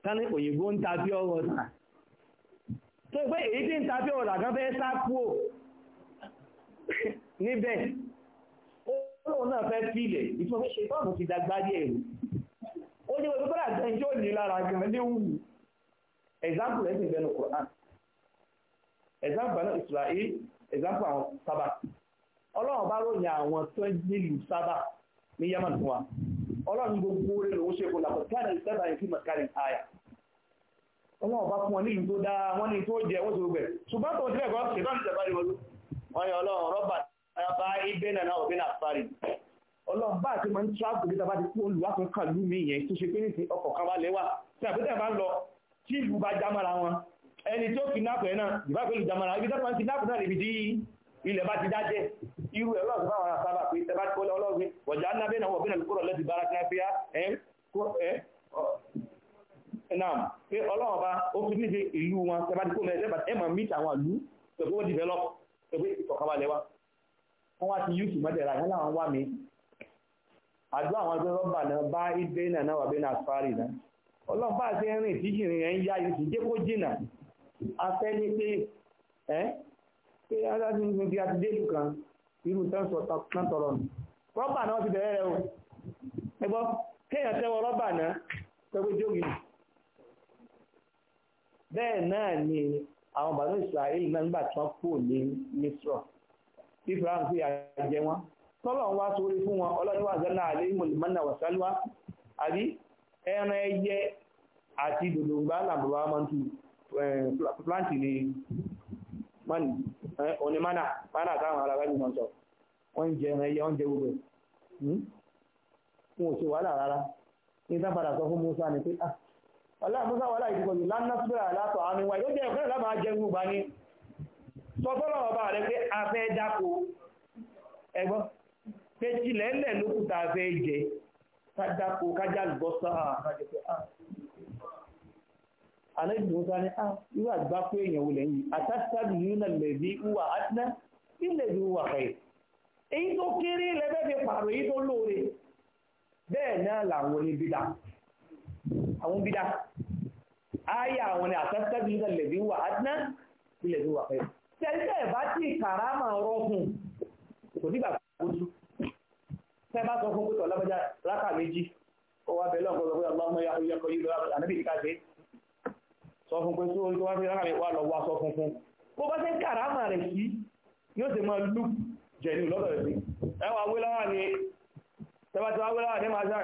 [SPEAKER 2] tán òyìnbó ń ta pure water tó pé èyí tí ń ta pure water kan fẹ́ sá kúò níbẹ̀ olóòun náà fẹ́ fílẹ̀ ìtumọ̀ pé ṣètọ́nù ti dagbárí ẹ̀rù ó ní wọ́n bọ́lá jẹ́ yóò ní lára gan ní wù ẹ̀zámpù rẹ̀ sì bẹnu Quran ẹ̀zámpù àwọn Israel ẹ̀zámpù àwọn sábà ọlọ́run bá ròyìn àwọn tó ń nílùú sábà ní Yemen fún wa ọlọ́run gbogbo rẹ̀ lòún ọlọ́run bá fún wọn ní ìlú tó dáa wọ́n ní tó jẹ wọ́n tó gbẹ ṣùgbọ́n tó ti lẹ́kọ̀ọ́ ṣe lọ́nà ìjọba ìwọ̀lú wọ́n yọ ọlọ́run rọ́bà bá ibẹ̀ náà náà òbí náà parí ọlọ́run bá àti máa ń tíráàbù níta bá ti kú olùwàkùn kan lú mi yẹn tó ṣe pé ní ti ọkọ̀ kan wá lẹ́wà tí àbúrò bá ń lọ tí ìlú bá já mọ́ra wọn ẹni tó fi náà pẹ̀ náà ìbá pẹ̀lú já mọ́ra ibi tó fi náà náà lè nam pé ọlọ́run bá ó fi níbi ìlú wọn tẹ́ bá mẹ́rin tẹ́ develop pẹ̀lú ìtọ̀kabalẹ̀ wa wọ́n wá ti yúùtù mọ́tẹ̀ yẹn láwọn wà mí àdúrà àwọn ẹgbẹ́ rọ́bà náà bá ìdè náà náà wà bẹ́ẹ̀ náà sáré náà ọlọ́run bá ti rìn tí ìrìn rẹ̀ ń yá yìí sì jẹ́ kó jìnà afẹ́ ní pé ẹ́ pé adájú bí a kan irú bẹ́ẹ̀ náà ni àwọn bàbá Israẹli náà nígbà tí wọ́n kú ní Misra Ibrahim fi àjẹ wọn tọ́lọ̀ wá sórí fún wọn ọlọ́dún àbí ẹran ẹyẹ àti dòdòǹgbà làbàbà máa ń tu ní òní táwọn sọ ẹran ẹyẹ oúnjẹ gbogbo hmm? rárá ní sọ fún Musa ni pé ah ọlọ́mọsá wà láì dìbòyìn lánàfíà látọ̀ àmìwà ìlú jẹ́ ìpínlẹ̀ lábàá jẹun gbà ní sọ fọ́lọ̀ ọba rẹ̀ a fẹ́ dáko ẹgbọ́n pé tilẹ̀ ńlẹ̀ ló kù a fẹ́ jẹ ká dáko kájà lùbọ́ sáà kájọ pé ah alẹ́ ìdìbò sáà ni ah irú àgbá pé èèyàn wò lẹ́yìn àtàkùn yìí náà lè bí wà á ná ilẹ̀ bí wà kẹ́ èyí tó kéré lẹ́bẹ̀ẹ́ fi pààrọ̀ èyí tó lóore bẹ́ẹ̀ náà làwọn oníbìdà àwọn bídá ayé àwọn ni àtẹ́sẹ́ bí ilẹ̀ lè bí wà ádínà ilẹ̀ bí wà fẹ́ tẹ́lifẹ̀ bá tí kàrámà rọ́kùn kò nígbà kójú tẹ́ bá sọ fún pé tọ̀ lábẹ́já rákà méjì ó wá bẹ̀ lọ́kọ̀ lọ́kọ̀ ọlọ́mọ ya oyè kọ yìí ànábì níka ṣe sọ fún pé sórí tó wá sí rákà mi wà lọ sọ fún fún bó bá ṣe ń kàrámà rẹ̀ sí yóò ṣe máa lù jẹ̀ ní lọ́dọ̀ rẹ̀ sí ẹwà wíláwà ni tẹ́bá ti wá wíláwà ní máa ṣáà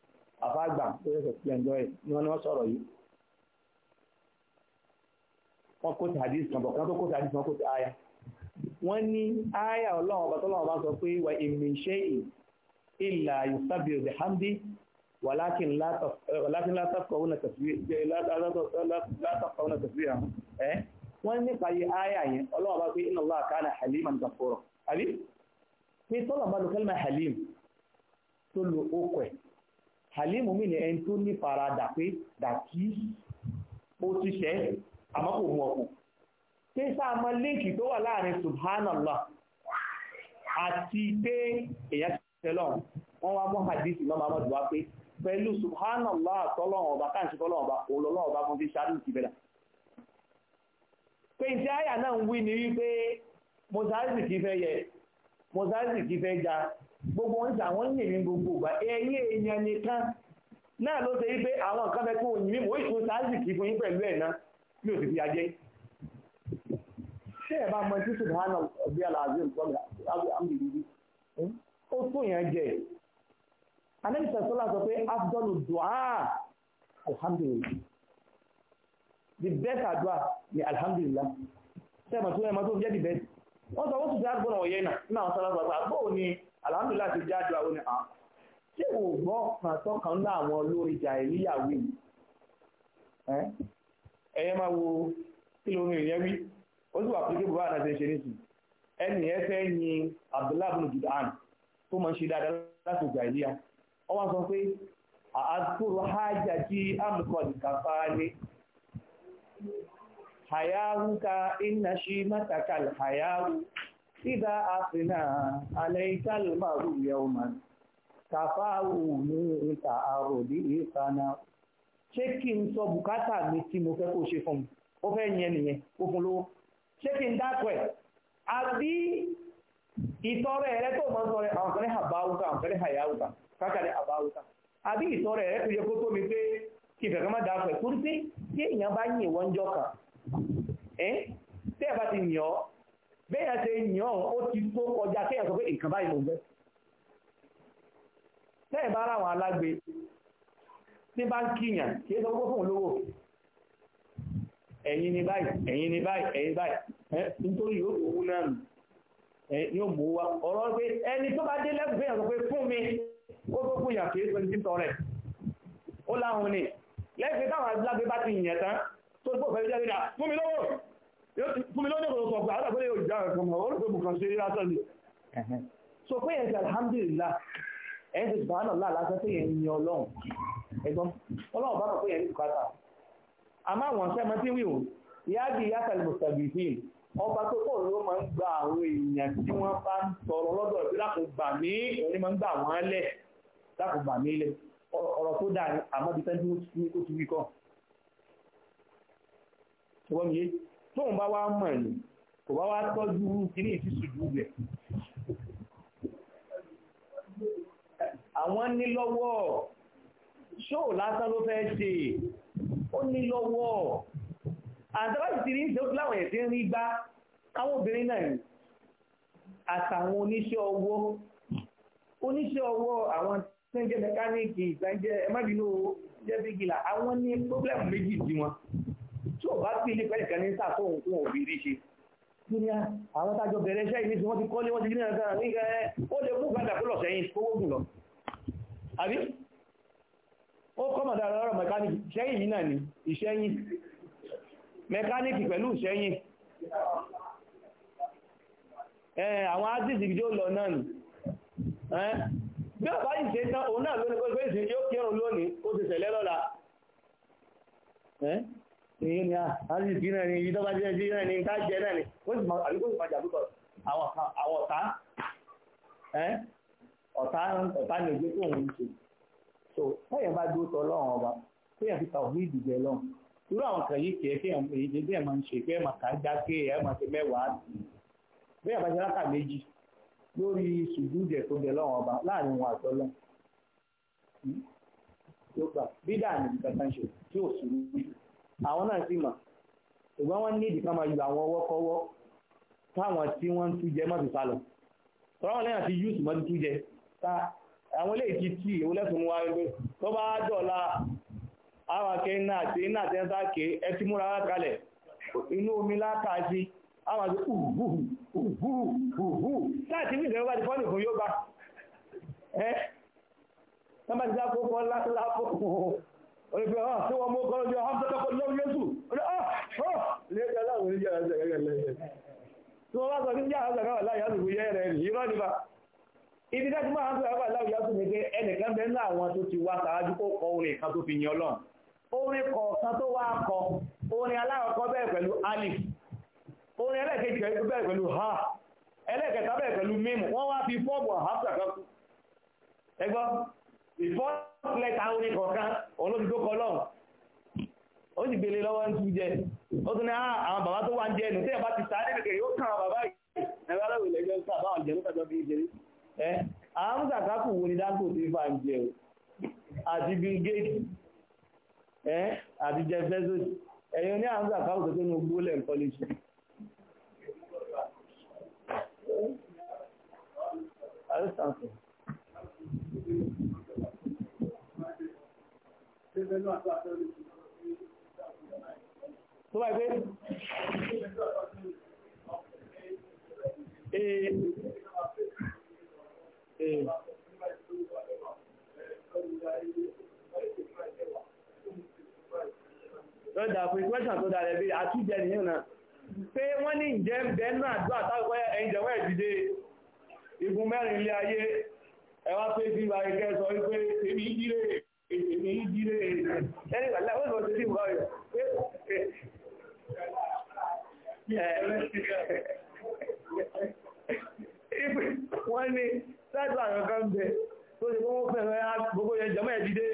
[SPEAKER 2] àfáàgbà tó ṣẹ̀ṣẹ̀ fi ẹ̀jọ́ ẹ̀ ni wọ́n ní wọ́n sọ̀rọ̀ yìí wọ́n kó tàbí ìsìnkànbọ̀ kan tó kó tàbí ìsìnkàn kó tẹ aya wọ́n ní aya ọlọ́run ọba tọ́lọ́run bá sọ pé wà èmi ṣe ìlà yusabiru bihamdi wàlákin látàkọ̀ọ́nà tẹ̀síwì àwọn ẹ́ wọ́n nípa yí aya yẹn ọlọ́run bá pé inna Allah kana haliman ghafura àbí pé tọ́lọ̀ bá lo kẹ́lìmà halim tó lo ókọ̀ ẹ̀ halimu mi ni ẹni tó ní faradà pé dàkí ó ti ṣẹ́ àmọ́ kò mú ọkùn pé sáà mọ líǹkì tó wà láàrin subhanallah àti pé èèyàn ti tẹ́lọ̀ wọ́n wá mú hadith lọ́mọ amọ́dù wá pé pẹ̀lú subhanallah àtọ́lọ́wọ̀n ọba káàkiri tọ́lọ́wọ̀n ọba olọ́lọ́wọ̀n ọba fún ti ṣáàdù ti bẹ̀rẹ̀ pé ìtí àyà náà ń wí ni wípé mozarzi fẹ́ yẹ mozarzi fẹ́ ja gbogbo wọn a àwọn yìnyín gbogbo ìgbà ẹ̀yìn èèyàn nìkan náà ló ṣe wípé àwọn nǹkan fẹ́ kó o yìnyín mo ìṣòro sáàsì kì í fún yín pẹ̀lú ẹ̀ náà mi sì fi ajẹ́ ṣé ẹ bá mọ ọbí aláàzín ó yẹn jẹ sọ́lá sọ pé afdọ́lù the best ni the best wọ́n sọ wọ́n sì fi àgbọ̀nà alhamdulillah ti jáde àwọn ṣé gbọ́ kan àwọn yìí máa wo kí ló ń rìn yẹn ṣe ẹnì yẹn fẹ́ abdullahi bin judan tó máa ń ṣe dáadáa láti ìjà ìlíya wọ́n wá sọ pé àkúrò hájà tí amukọ̀dì kàfà إذا أثنى عليك المرء يوما كفاه من تعرضه فنا ṣé kí n sọ bùkátà mi tí mo fẹ́ kó ṣe fún mi ó fẹ́ yẹn nìyẹn ó fún lówó ṣé kí n dákọ̀ ẹ̀ àbí ìtọrẹ rẹ tó máa ń sọrẹ àwọn kan ní àbáwúta àwọn kan ní àyáwúta kákàlẹ̀ àbáwúta àbí ìtọrẹ rẹ tó yẹ kó tó mi pé kí ìfẹ́ kan má dákọ̀ ẹ̀ kúrú sí tí èèyàn bá yìn wọ́n jọ kàn ẹ́ tẹ́ ẹ bá ti yàn ọ́ bẹ́ẹ̀ ṣe yàn ó ti tó kọjá kéèyàn sọ pé nǹkan báyìí ló ń bẹ́ tẹ́ẹ̀ bá ráwọn alágbe tí bá ń kíyàn kí é sọ pé fóun lówó ẹ̀yin ni báyìí ẹ̀yin ni báyìí ẹ̀yin báyìí nítorí yóò tó owó náà ni ó mú wa ọ̀rọ̀ pé ẹni tó bá dé lẹ́kùn kéèyàn sọ pé fún mi ó tó fún yàn kí é sọ ní tọrẹ ó láhùn ni lẹ́sìn táwọn alágbe bá ti yàn tán tó gbọ́ fẹ́ fún mi lọ́dẹ̀ ọ̀rọ̀ ọ̀gbà alábẹ́lẹ̀ yóò já ẹ̀kọ́ mọ̀ orí pé mo kàn ṣe rí lásán ni so pé alhamdulillah ẹ̀sẹ̀ subhanahu allah lásán pé yẹn ní ọlọ́run ẹ̀gbọ́n ọlọ́run bá mọ̀ pé yẹn ní bùkátà àmọ́ àwọn sẹ́mọ́ tí wíwò yáàbí yàtà lè mọ̀sàbí sí ọba tó pọ̀ ló máa ń gba àwọn èèyàn tí wọ́n bá ń tọrọ lọ́dọ̀ ẹ̀bí lákò bà mí máa ń gbà wọ́n lẹ̀ lákò bà mí ọ̀rọ̀ tó dáa àmọ́ bí tẹ́ńtì ó ti wí tóun bá wá mọ̀ ní kò bá wá tọ́jú kíní ìfisùjú rẹ̀ àwọn ní lọ́wọ́ ṣóò lásán ló fẹ́ ṣe ó ní lọ́wọ́ àtàbátì ti rí ìṣẹ́ láwọn ẹ̀ tí ń rí gbá àwọn obìnrin náà ni àtàwọn oníṣẹ́ ọwọ́ oníṣẹ́ ọwọ́ àwọn tí ń jẹ́ mẹkáníìkì ìtànjẹ́ ẹmọ́bìnú jẹ́ bígìlà àwọn ní pọ́blẹ́mù méjì sí wọn ò bá sí ilé pẹ́ẹ́nìkan ní sà tó òun òbí rí ṣe dúnìá àwọn tájọ bẹ̀rẹ̀ iṣẹ́ ìní tí wọ́n ti kọ́lé wọ́n ti gbé náà sára nígbà ẹ ó lè mú gbàdà kó lọ sẹ́yìn owó gùn lọ àbí ó kọ́ mọ̀dára lọ́rọ̀ mẹkáníkì sẹ́yìn yìí náà ni ìṣẹ́yìn mẹkáníkì pẹ̀lú ìṣẹ́yìn àwọn azizi ìjó lọ náà nì bí ọ̀bá yìí ṣe tán òun náà lónìí pé ìṣẹ́ yóò kírun lónìí ó ti tẹ̀lé lọ́la èyí ni àríṣìkí náà ni ìdọ́ bá jẹ́ sí náà ni ká jẹ náà ni ó sì máa àríkó sì máa jàdúkọ àwọn ọ̀tá ọ̀tá ọ̀tá ni ògbé tó so bá dúró tọ́ ọba fi ta ìdìbẹ̀ irú àwọn kan yìí èyí bẹ́ẹ̀ máa ń ṣe pé já ké máa ṣe mẹ́wàá bẹ́ẹ̀ bá ṣe láka méjì lórí ọba láàrin wọn àtọ́ lọ́rùn hmm? yóò àwọn náà sì mọ̀ ṣùgbọ́n wọ́n ní ìdìkan máa yọ àwọn ọwọ́ kọ́wọ́ táwọn tí wọ́n ń tújẹ má ti sá lọ tọ́wọ́n lẹ́yìn àti yúùsù mọ́ tújẹ ta àwọn ilé tí ìwọ lẹ́sùn wa wípé tó bá dọ̀la àwọn akẹ́ iná àti iná àti ẹ̀ńtà ẹ ti múra látàlẹ̀ inú omi látà sí àwọn àti bá ti yóò bá ẹ́ tọ́ bá ti dá olùgbé ah tí wọ́n mú kọ́rọ̀ jẹ́ hamsatako lọ́wọ́ yẹ́sù olè ah ah lè jẹ́ aláwọ̀ ní yàrá ìjàgà lẹ́yìn tí wọ́n bá sọ ní yàrá ìjàgà wà láyé àsìkò yẹ́ rẹ̀ yìí rọ́ nípa ibi tẹ́ tí máa ń sọ̀rọ̀ láwọ̀ yàtọ̀ ní pé ẹnìkan bẹ́ẹ̀ náà àwọn tó ti wá sáájú kó kọ orin kan tó fi yan Ọlọ́run orin kọ̀ọ̀kan tó wá kọ orin aláwọ̀kọ́ bẹ́ẹ̀ pẹ̀lú alif orin ẹlẹ́ẹ̀kejì bẹ́ẹ̀ pẹ̀lú ha
[SPEAKER 1] ẹlẹ́ẹ̀kẹta bẹ́ẹ̀ pẹ̀lú
[SPEAKER 2] mímu ìfọ́sí lẹ́ta orin kọ̀ọ̀kan olóòdìdó kọlọ́ọ̀ ó sì gbélé lọ́wọ́ ń tú jẹ ó tún ní ah, àwọn bàbá tó wà ń jẹ ẹnu tí ẹ̀bá ti sáré kékeré yóò kàn bàbá yìí ẹ̀rọ alẹ́ òwìlẹ̀ ẹgbẹ́ sábà ń jẹ o àti ẹ̀yìn ní àwọn sàkákù tó tó ní ogbó
[SPEAKER 1] tó bá ìgbé lọ́dà fún ìpínlẹ̀ tó
[SPEAKER 2] dára bí àtújẹ nìyàn náà pé wọ́n ní ìjẹ́ bẹ̀ẹ́nà àdúrà táwọn ẹ̀yìnjẹ̀wọ́ ìdíde igun mẹ́rin ilé ayé ẹwà pé bí ìwà ìkẹ́ sọ wípé èmi ìdíre èmi ń jí lórí ẹni wàlá ó lọ sí ìwọ rẹ̀ pé wọ́n ní sáàtà àwọn kan bẹ tó ti gbogbo fẹ̀rẹ̀ gbogbo yẹn jọmọ́ ẹ̀dídé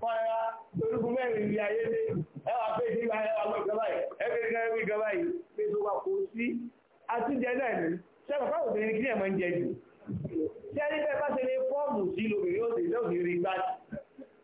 [SPEAKER 2] fọ́nra lórúkú mẹ́rin ní ayé dé ẹwà pé ní ẹwà pé ìjọba yìí ẹgbẹ́ ìjọba yìí ìjọba yìí pé tó wà kó sí àtúnjẹ náà ní sẹ́kọ̀ọ́ fáwọn obìnrin kí ẹ̀ máa ń jẹ jù ṣé ẹni bẹ́ẹ̀ bá ṣe lè fọ́ọ̀mù sí lóbìnrin ó sì lóbìnrin gbájú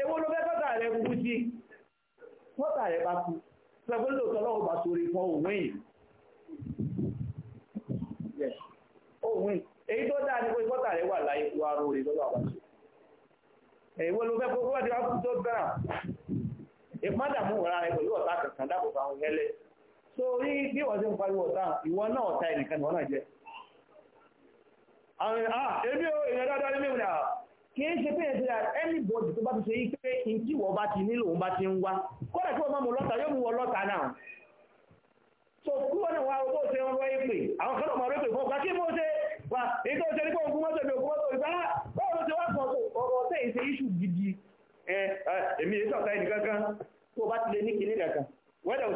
[SPEAKER 2] èwo ló fẹ́ tọ́ta rẹ̀ kúkú sí tọ́ta rẹ̀ bá kú sọgbọ́n lóòótọ́ lọ́wọ́ bá sórí fún òun yìí òun èyí tó dáa ní pé tọ́ta rẹ̀ wà láyé kú aró rẹ̀ lọ́wọ́ àbá sórí èwo ló fẹ́ kó wọ́n ti wá kú tó gbẹ̀rà ìpádàmú ọ̀rá rẹ̀ pẹ̀lú ọ̀tá kankan dáàbò fáwọn ẹlẹ́ so rí bí wọ́n ti ń pariwo ọ̀tá ìwọ náà ọ̀tá ẹnìkan ìwọ náà jẹ́ àwọn ah, èmi ò ìrẹ́ dáadáa nínú àwọn ah, kìí ṣe pé ẹ̀sẹ̀ anybody tó bá ti ṣe yí pé ụwa n bá ti nílò òun bá ti ń wá kọ́dà kí wọ́n máa mú lọ́ta yóò mú wọn náà so kí wọ́n náà wá owó ṣe ń àwọn kan náà máa fún ọgbà kí mo ṣe wà èyí tó ṣe ní kó mọ́tò mọ́tò ìgbà báwo ló gidi èmi èyí sọ̀tà ẹnì kankan tó bá ti ní kinní kankan wẹ́dà ò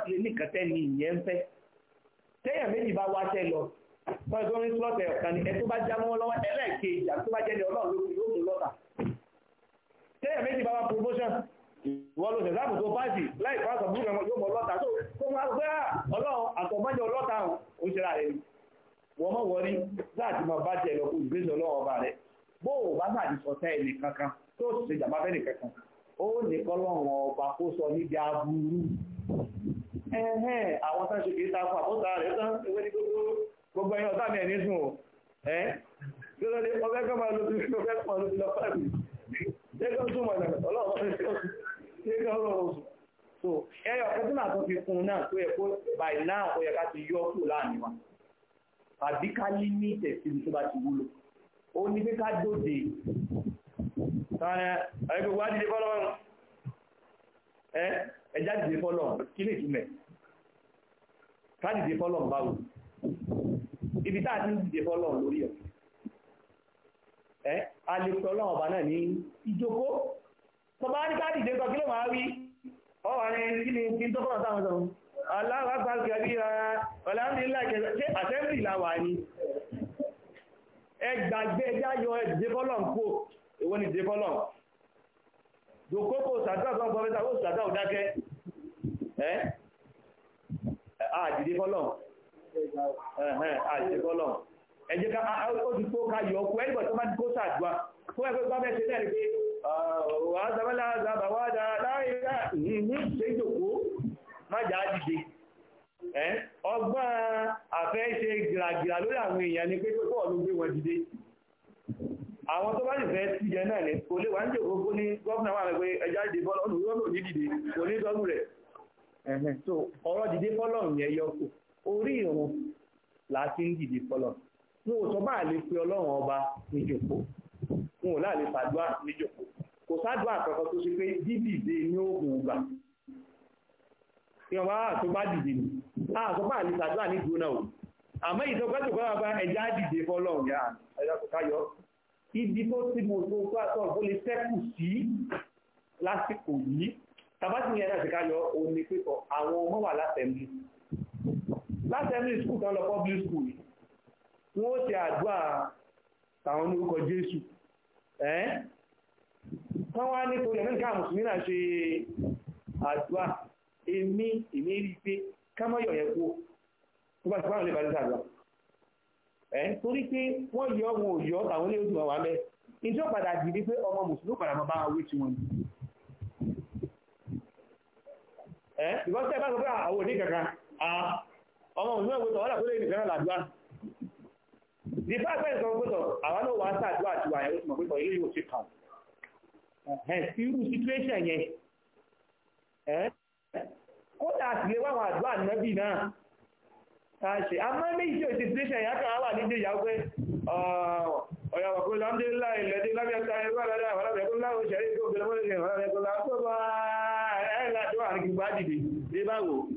[SPEAKER 2] ni ìyẹn ń fẹ́ tẹ́yàn méjì bá wáṣẹ́ lọ wọ́n tó ní slọ́ọ̀tì ọ̀kan ni ẹ tó bá já mọ́ lọ́wọ́ ẹlẹ́ẹ̀kejì àti tó bá jẹ́ ní ọlọ́run ló fi yóò mú lọ́tà tẹ́yẹ̀ méjì bá wá promotion wọ́n ló sẹ̀sáàmù tó báàsì láì fásitì búrú ẹ̀mọ́ yóò mọ́ lọ́tà tó tó máa gbé ah, ọlọ́run àtọ̀mọ́jọ lọ́tà ò ń ṣera rẹ̀ ni wọ́n mọ̀ wọ́n rí láti máa bá jẹ lọ́kùn ìgbésẹ̀ ọlọ́run ọba rẹ̀ bó o bá sàdí sọ tẹ́ ẹnì kankan tó o sì ṣe jàmbá fẹ́ nìkankan ó ní kọ́lọ́run ọba kó sọ níbi aburú ẹ̀hẹ́n àwọn sáà ṣe kì í ta fún àbọ̀tà rẹ̀ tán ewé ní gbogbo gbogbo ẹ̀yìn ọ̀tá mi ẹ̀ nísùn o ẹ́ kí ló dé ọbẹ̀ kọ́ máa lo ti fi ọbẹ̀ pọ̀ lórí lọ́pàá mi lẹ́kọ̀ọ́ sùn mọ̀ ìdàgbà ọlọ́run lẹ́kọ̀ọ́ ọlọ́run sùn so ẹyọ ọ̀kẹ́tùnà tó fi kún náà tó yẹ kó by now ó yẹ ká ti yọ kù láàrin wa àbí ká ní ní ìtẹ̀sí tó bá ti wúlò ó ní pé ká dòde ẹgbẹ́ wa dìde fọ́lọ́run ẹ ẹjá dìde fọ́lọ́run kí lè túmẹ̀ ká dìde fọ́lọ́run báwo ibi tá a ti ń dìde fọ́lọ̀ lórí ẹ̀ ẹ́ a lè sọ ọlọ́run ọba náà ní ìjókó tọba ní káàdì dé kọkí ló máa wí ọwọ́ ni kí ni kí n tó kọ́nà táwọn sọ̀rọ̀ aláwọ̀ àgbàgbà bí ara ọ̀làmìlá ìkẹsẹ̀ ṣé àtẹ́bìlì làwà ni ẹ gbàgbé ẹjá yọ ẹ̀dìdé fọ́lọ̀ kó èwo ni dìde fọ́lọ̀ dòkókò sàdúrà fún ọgbọ́n mẹ́ta ó sàdúrà ó dákẹ́ ẹ́ àdìdé àṣekọ́lọ̀ ẹjẹ́ ká ó ká yọ ọkùn ẹgbẹ̀ tó máa kó sàdúwà fún ẹgbẹ́ bá mẹ́sẹ̀ náà pé wà á sàbẹ́lá àzàbà wà á ṣe jòkó má jà á dìde ọgbọ́n àfẹ́ ṣe gìràgìrà lórí àwọn èèyàn ni pé ló gbé wọn dìde àwọn tó bá fẹ́ jẹ náà ni kò lè wá ń jòkó fún ní gọ́ọ̀nà orí ìrun láti ń dìde fọlọ wọn ò sọ báà lè pe ọlọ́run ọba níjòkó wọn ò láàlè fàdúà níjòkó kò sádùá àkọ́kọ́ tó ṣe pé dídìde ní oògùn ìgbà ìwọ̀n bá tó bá dìde nì àṣọ báà lè fàdúà ní ìdúró o àmọ́ ìtọ́gbẹ́tò kọ́ bá ẹja dìde fọlọ́run yá ẹja kò káyọ ibi tó ti mo tó tó àtọ́ ó lè sẹ́kù sí lásìkò yìí tàbátì yẹn náà ti káyọ òun ni pé àwọn ọmọ wà látẹ̀mú látẹ̀mí skul kan lọ public school wọ́n ó ti àdúrà tàwọn orúkọ Jésù ẹ́ wọ́n wá nítorí ẹ̀mí nǹkan àmùsùn nínà ṣe àdúrà èmi èmi rí pé kámọ́yọ̀ yẹn kú tó bá ti fáwọn olè bá ti sàdúrà ẹ́ torí pé wọ́n yọ wọn ò yọ tàwọn olè ó ti wà wá mẹ́ ìjọ padà dìde pé ọmọ mùsùlùmí padà máa bá wọn wé tí wọn ni ìbọn tẹ́ bá sọ pé àwọn òní kankan ọmọ òun náà gbọ́tọ̀ wọ́n làkúlé nìkan náà làdúrà the fact that ìsọ̀rọ̀ gbọ́tọ̀ àwọn náà wà á sàdúrà àti wà ẹ̀rọ ìmọ̀gbẹ́tọ̀ ilé yóò ṣe kàn irú situation yẹn kódà àtìlé wà àwọn àdúrà nẹ́bì náà ta ṣe a máa ní ìṣe situation yẹn kàrà wà nídìí ìyàwó pé ọ̀yà wà kó lámdélá ìlẹ́dí lábẹ́ta ẹgbẹ́ àlọ́dà àwọn alábẹ́kọ́ láwọn ṣẹ̀rí tó gbẹ̀rẹ̀ mọ́lẹ̀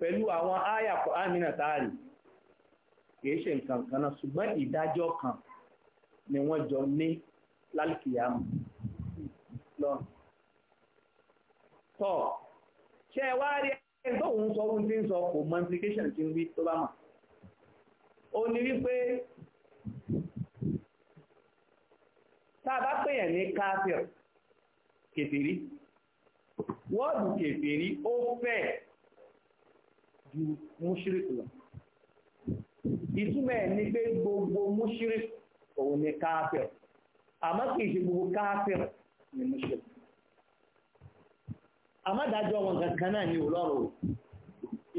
[SPEAKER 2] pẹ̀lú àwọn áyàpọ̀ àmìnà táàrí kìí ṣe nǹkan kan náà ṣùgbọ́n ìdájọ́ kan ni wọ́n jọ ní lálùkìyàmù lọ tọ́ ṣe wá rí ẹni tó ń sọ ohun tí ń sọ kò mọ implication tí ń wí tó bá mà ó ní wípé tá a ní káfíọ̀ kèfèrí wọ́ọ̀dù kèfèrí ó fẹ́ẹ̀ ju múṣírìkì lọ ìtumọ̀ ní pé gbogbo múṣírìkì òun ni káfíọ̀ àmọ́ kì í ṣe gbogbo káfíọ̀ ni múṣírìkì àmọ́dájọ́ wọn kankan náà ni òlọ́rọ̀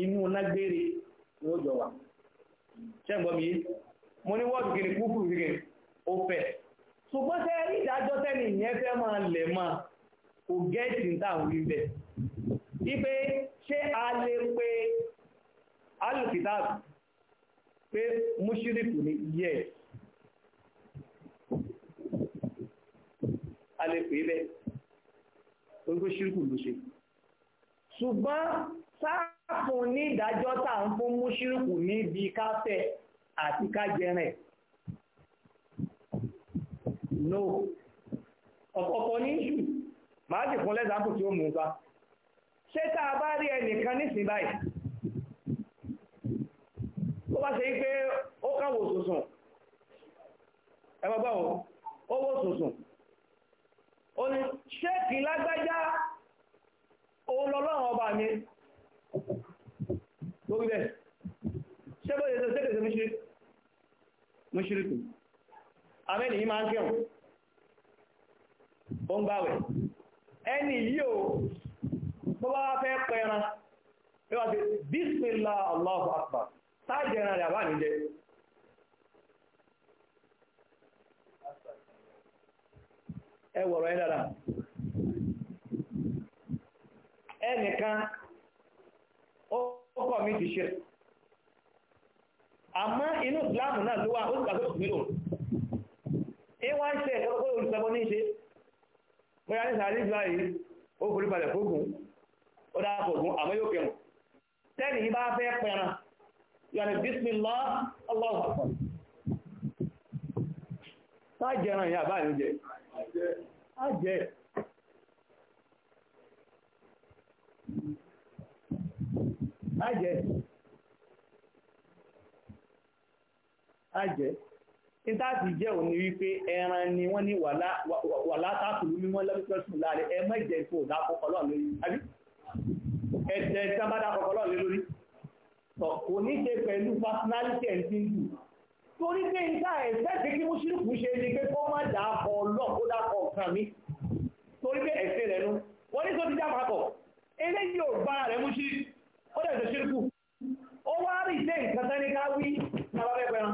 [SPEAKER 2] inú lágbére ni ó jọ wà ṣẹ́gbọ́n mi mo ní wọ́ọ̀dù kìíní kúkú kìíní ó fẹ́ ṣùgbọ́n tẹ́ ìdájọ́ tẹ́ni ìyẹn fẹ́ máa lẹ̀ máa kò gẹ́ẹ̀tì ń tàwọn ibẹ̀ ipe ṣé a lè pe alkitab pé mushiriku ni yẹ a lè pè bẹ́ orúkọ ṣírkù ló ṣe ṣùgbọ́n sáàfún ní ìdájọ́ tà ń fún mushiriku níbi káfẹ́ àti kájẹrẹ no ọ̀pọ̀pọ̀ ní ṣù máa jì fún lẹ́sàkù tí ó mú bá ṣé tá bá rí ẹnìkan nísìn báyìí bá ṣe pé ó káwò sùsùn ẹgbẹ́gbẹ́ òun ó wò sùsùn ó ní ṣéèkì lágbájá òun lọ́lọ́run ọba mi lórí bẹ́ẹ̀ ṣé bó ṣe ṣe ṣéèkì ṣe mú ṣíríkù àmẹ́ni yìí máa ń kírun ó ń gbàwẹ̀ ẹni yìí o bó bá fẹ́ pẹran bí wọ́n ti bísmìlá Allahu táàjẹ̀ rẹ̀ àbá mi ẹ dára ẹnìkan ó kọ̀ ti ṣe na inú ìsìláàmù náà ló wà ó sì gbàgbé òṣèlú ìwọ́n ń ṣe ẹ̀kọ́ olùsọ́gbọ́n ní ṣe bóyá ní sàárì ó ó dáa yóò yàrá bísmìlá Allahu Akbar sáàjẹran ìyá báyìí jẹ àjẹ́ àjẹ́ àjẹ́ ìtàtì jẹ́ òní wípé ẹran ni wọ́n ní wà látàkùnrin mímọ́ lẹ́pẹ́sùn láàrin ẹmẹ́jẹ̀ ìfò dákọ̀ọ́lọ́ lórí ẹ̀jẹ̀ kò ní ṣe pẹ̀lú personality and tindu torí pé nǹka ẹ̀sẹ̀ kí mùsùlùkù ṣe ni pé kó má dà kọ lọ kó dà kọ kàn mí torí pé ẹ̀sẹ̀ rẹ̀ nu wọ́n ní tó ti dá papọ̀ eléyìí ò bá rẹ̀ mú sí ó dẹ̀ ṣe ṣírùkù ó wá rí ilé nǹkan tán ká wí náà bẹ́ẹ̀ e.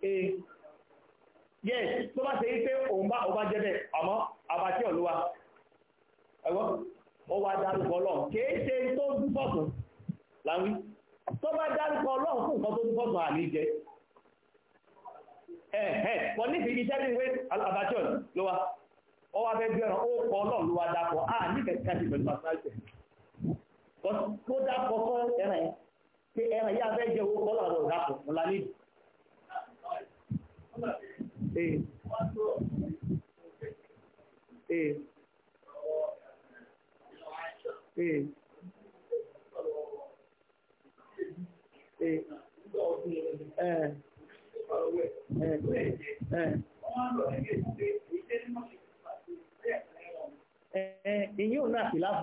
[SPEAKER 2] pẹ́ran yes tó bá ṣe yí pé òun bá òun bá jẹ́ bẹ́ẹ̀ àmọ́ àbàtí ọ̀lúwa ẹ̀wọ́n ó wá dárúkọ ọlọ́run kìí ṣe tó dúpọ̀ tó láwí tó bá dárúkọ ọlọ́run fún nǹkan tó dúpọ̀ tó àlè jẹ
[SPEAKER 1] ẹ̀ẹ́ pọ̀ nífi iṣẹ́ ní ìwé alábàjọ́
[SPEAKER 2] ló wá ó wá fẹ́ bí ọ̀ràn ó kọ ọlọ́run ló wá dápọ̀ á ní kẹ̀kẹ́ ti pẹ̀lú pàṣẹ tó dápọ̀ kọ́ ẹran yẹn pé ẹran yẹn afẹ́ jẹ owó kọ́ dápọ̀ ńlá nídìí
[SPEAKER 1] Ee. ee òun náà sì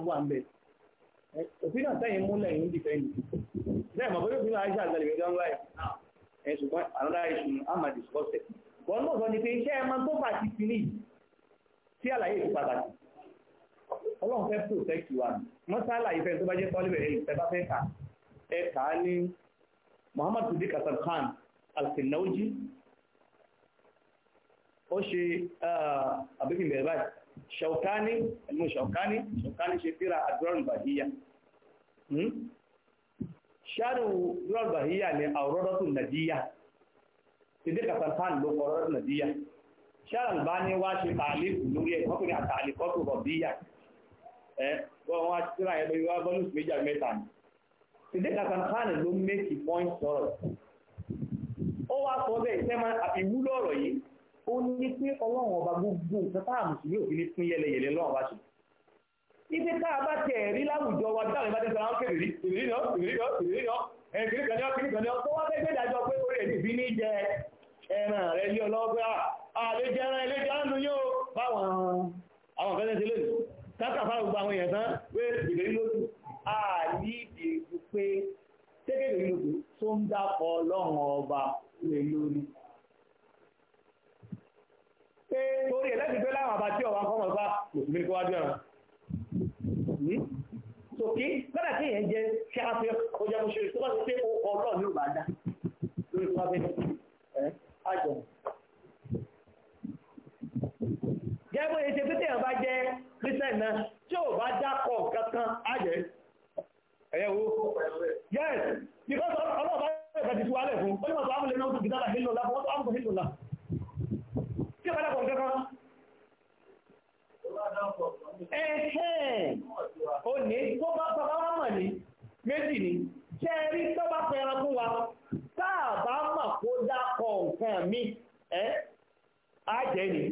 [SPEAKER 2] wà ń bẹ̀ òfin náà sẹ́yìn múlẹ̀ yìí dìfẹ́ yìí bẹ́ẹ̀ mọ̀ bóyá òfin náà ṣe àgbàlẹ̀ ńlá ẹ̀ ṣùgbọ́n àmà náà sọ ni pé iṣẹ́ tó bá ti fi ní àlàyé ọlọ́run fẹ́ wa mọ́sálà ìfẹ́ tó bá jẹ́ tọ́lẹ̀bẹ̀ ìtẹ́bá fẹ́ kà ẹ kà á ní Muhammad Sadiq Hasan Khan Al-Sinawji ó ṣe àbíkìn bẹ̀rẹ̀ báyìí Shawkani ẹ̀mú Shawkani Shawkani ṣe tíra àdúrọ̀n bàhíyà ṣáàrù dúrọ̀n bàhíyà ní àwòrọ́dọ́tù nàdíyà Sadiq Hasan Khan ló kọ ọ̀rọ̀ nàdíyà ṣáàrù bá ní wá ṣe tààlì lórí ẹ̀ wọ́n pè ní àtàlì kọ́tù rọ̀bíyà wọ́n wá tíra ẹ̀ lórí wá bọ́lùs méjì àti mẹ́ta ni ṣèdè Hasan Khan ló méjì point sọ̀rọ̀ ó wá sọ bẹ́ẹ̀ iṣẹ́ máa àfiwúlò ọ̀rọ̀ yìí ó ní pé ọlọ́run ọba gbogbo nǹkan tá a mùsùlùmí òfin ní fún yẹlẹyẹlẹ lọ́wọ́ bá ṣe ibi tá a bá tẹ̀ rí láwùjọ wa dáhùn ìbá tẹ̀sán àwọn kèrè rí kèrè rí náà kèrè rí náà kèrè rí náà kèrè kan náà kèrè kan náà tó wá fẹ́ gbé dájọ́ pé orí ẹ̀sìn fi ní jẹ ẹran rẹ ní ọlọ́gbẹ́ àlejẹran ẹlẹ́jẹran nu yóò báwọn àwọn fẹ́ẹ́ ṣe lónìí àwọn èèyàn tán pé ìlérí lójú a ní pé tẹ́kẹ̀dẹ̀ lójú tó ń dápọ̀ ọlọ́run ọba lè lórí pé torí ẹ̀ lẹ́sìn pé láwọn àbá tí ọba ń kọ́ mọ̀ bá mùsùlùmí kó wájú ẹ̀rọ sókè lọ́dà tí èèyàn jẹ́ kí a fi ọjà mo ṣe tó bá ti pé ọlọ́run yóò bá dá lórí tó bá fẹ́ ẹ́ jẹ́ bóyá ṣe pé téèyàn jẹ́ kírísítẹ̀ náà tí ò bá dákọ̀ kankan ayẹ́ ẹ̀yẹ́ wo yes because ọlọ́ọ̀ bá ẹ̀fẹ̀ ti fi wálẹ̀ fún ó ní wọ́n tó ámúlẹ̀ náà tó fi dára hílò lápò wọ́n tó ámúlẹ̀ hílò lá tí ò bá dákọ̀ kankan ẹ̀hẹ́n ó ní tó bá bàbá wá mọ̀ ní méjì ní jẹ́ rí tó bá tá a bá mọ̀ kó dákọ̀ nǹkan mi ẹ́ á jẹ́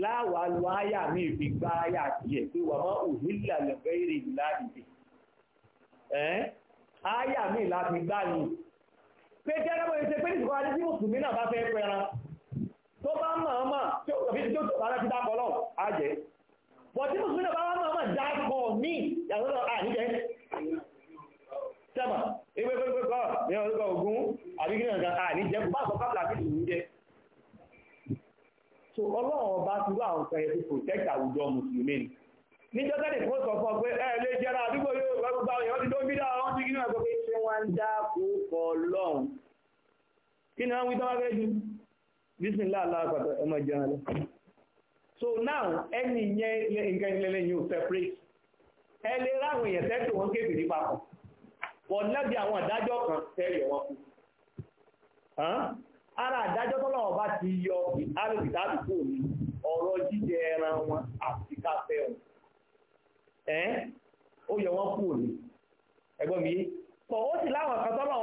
[SPEAKER 2] láwàá lu áyà mi fi gba áyà díẹ̀ pé wà mọ́ òhìlà lọ́gbẹ́ èrè ìlàdìdì áyà mi láti gbá ni pé tí ẹgbẹ́ ìṣe pé ìṣòro adé tí mùsùlùmí náà bá fẹ́ pẹran tó bá mọ̀ọ́mọ̀ tó òfin tó tó bára ti dákọ̀ lọ àjẹ́ bọ̀ tí mùsùlùmí náà bá wà mọ̀ọ́mọ̀ dákọ̀ mí yàtọ̀ lọ àníjẹ́ sẹ́mà ewé pé pé kọ́ ní ọdún ogun àbí kí nìkan àníjẹ́ kò bá sọ káfíńtà so ọlọ́run ọba ti wá àwọn ọ̀pẹ̀yẹ tó protect àwùjọ mùsùlùmí ni níjọ́ tẹ́lẹ̀ fún ọ̀sán fún ọ pé ẹ lè jẹ́ra àdúgbò yóò wá gbogbo àwọn èèyàn ti tó ń bí dáa wọ́n ti kí náà gbogbo ṣé wọ́n ń dá orúkọ ọlọ́run kí ni wọ́n wí tọ́wọ́ fẹ́ẹ́ ju bísí ńlá aláàpàtà ọmọ ìjẹun lọ so now ẹni yẹn nǹkan ìlẹ́lẹ̀ yóò separate ẹ lè ráwọn èèyàn tẹ́tù wọn kébì ní papọ̀ wọ́n lẹ́bi àwọn àdájọ́ kan tẹ́lẹ̀ wọn kú ara àdájọ́ tó ọba ti yọ alùpùpù mi ọ̀rọ̀ jíjẹ ẹran wọn àti káfẹ́ wọn ẹ́ ó yọ wọ́n kù ní ẹgbọ́n mi pọ̀ ó sì láwọn kan tó yọ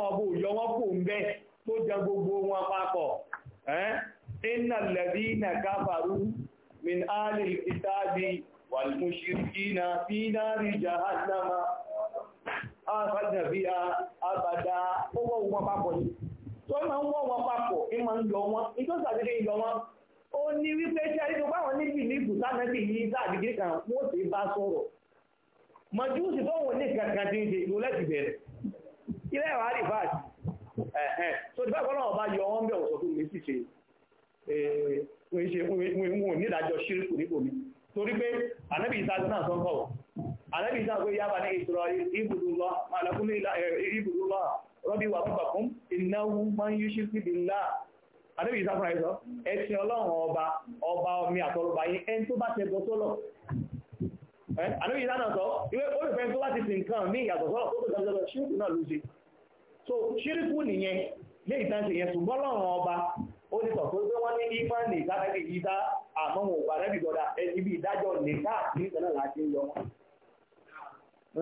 [SPEAKER 2] wọ́n kù ń bẹ́ tó jẹ gbogbo wọn papọ̀ ẹ́ iná lẹ́bí iná káfàrú rí tó máa ń wọ́ wọn papọ̀ ní ń lọ wọn ní sàdédé ìlọ wọn ó ní wípé ṣe àdédé báwọn níbi ìlú sàmẹ́bí yìí sàdédé kan wọ́n sì bá sọ̀rọ̀ mọ̀júùsì tó ní kankan ti ń ṣe ìlú lẹ́sì bẹ̀rẹ̀ ilé ẹ̀wà fàájì náà bá yọ wọn bẹ̀ ọ̀sọ̀ tó lè sì ṣe eh, ṣírìkù torí pé ànábì ìsáájú náà ànábì ìsáájú ní rọ́bí wà fún bàkún ìnáwó máa ń yí sí sí ìlà àdébì ìsáfúnra ìsọ ẹ̀sìn ọlọ́run ọba ọba omi àtọrọba yìí ẹni tó bá tẹ bọ́ sọ́lọ̀ àdébì ìsáfúnra sọ ìwé olùfẹ́ tó bá ti sìn nǹkan ní ìyàtọ̀ sọ́lọ̀ tó tó tẹ̀lé ṣírìkù náà ló ṣe so ṣírìkù nìyẹn ní ìtànṣe yẹn ṣùgbọ́n ọlọ́run ọba ó ti sọ pé pé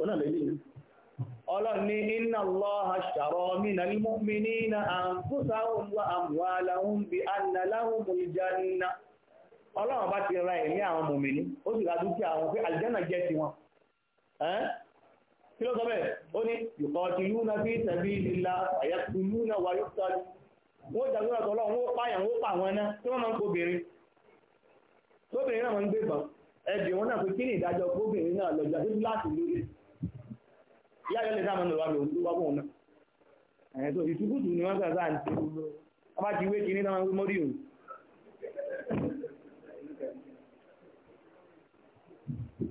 [SPEAKER 2] ọ̀nà lẹ́lẹ́ ọlọ́ni iná lọ́ha ṣàrọ̀ mínà ní mọ́mìnì na àǹkúsà ohun àmúwà aláhùn bí anà láhùn mú ìjánà ọlọ́run bá ti ra ẹ̀mí àwọn mọ̀mìnì ó sì ra dúkìá àwọn pé àlìjánà jẹ́ ti wọn kí ló sọ ó ní yuqatiluna fi yá yọ lè sáà mọ́nà wà lóòrùn wà bóun náà ẹ̀ tó ni wọ́n sà sáà ní gbogbo ọba ti wé kinní náà mọ́rí òun.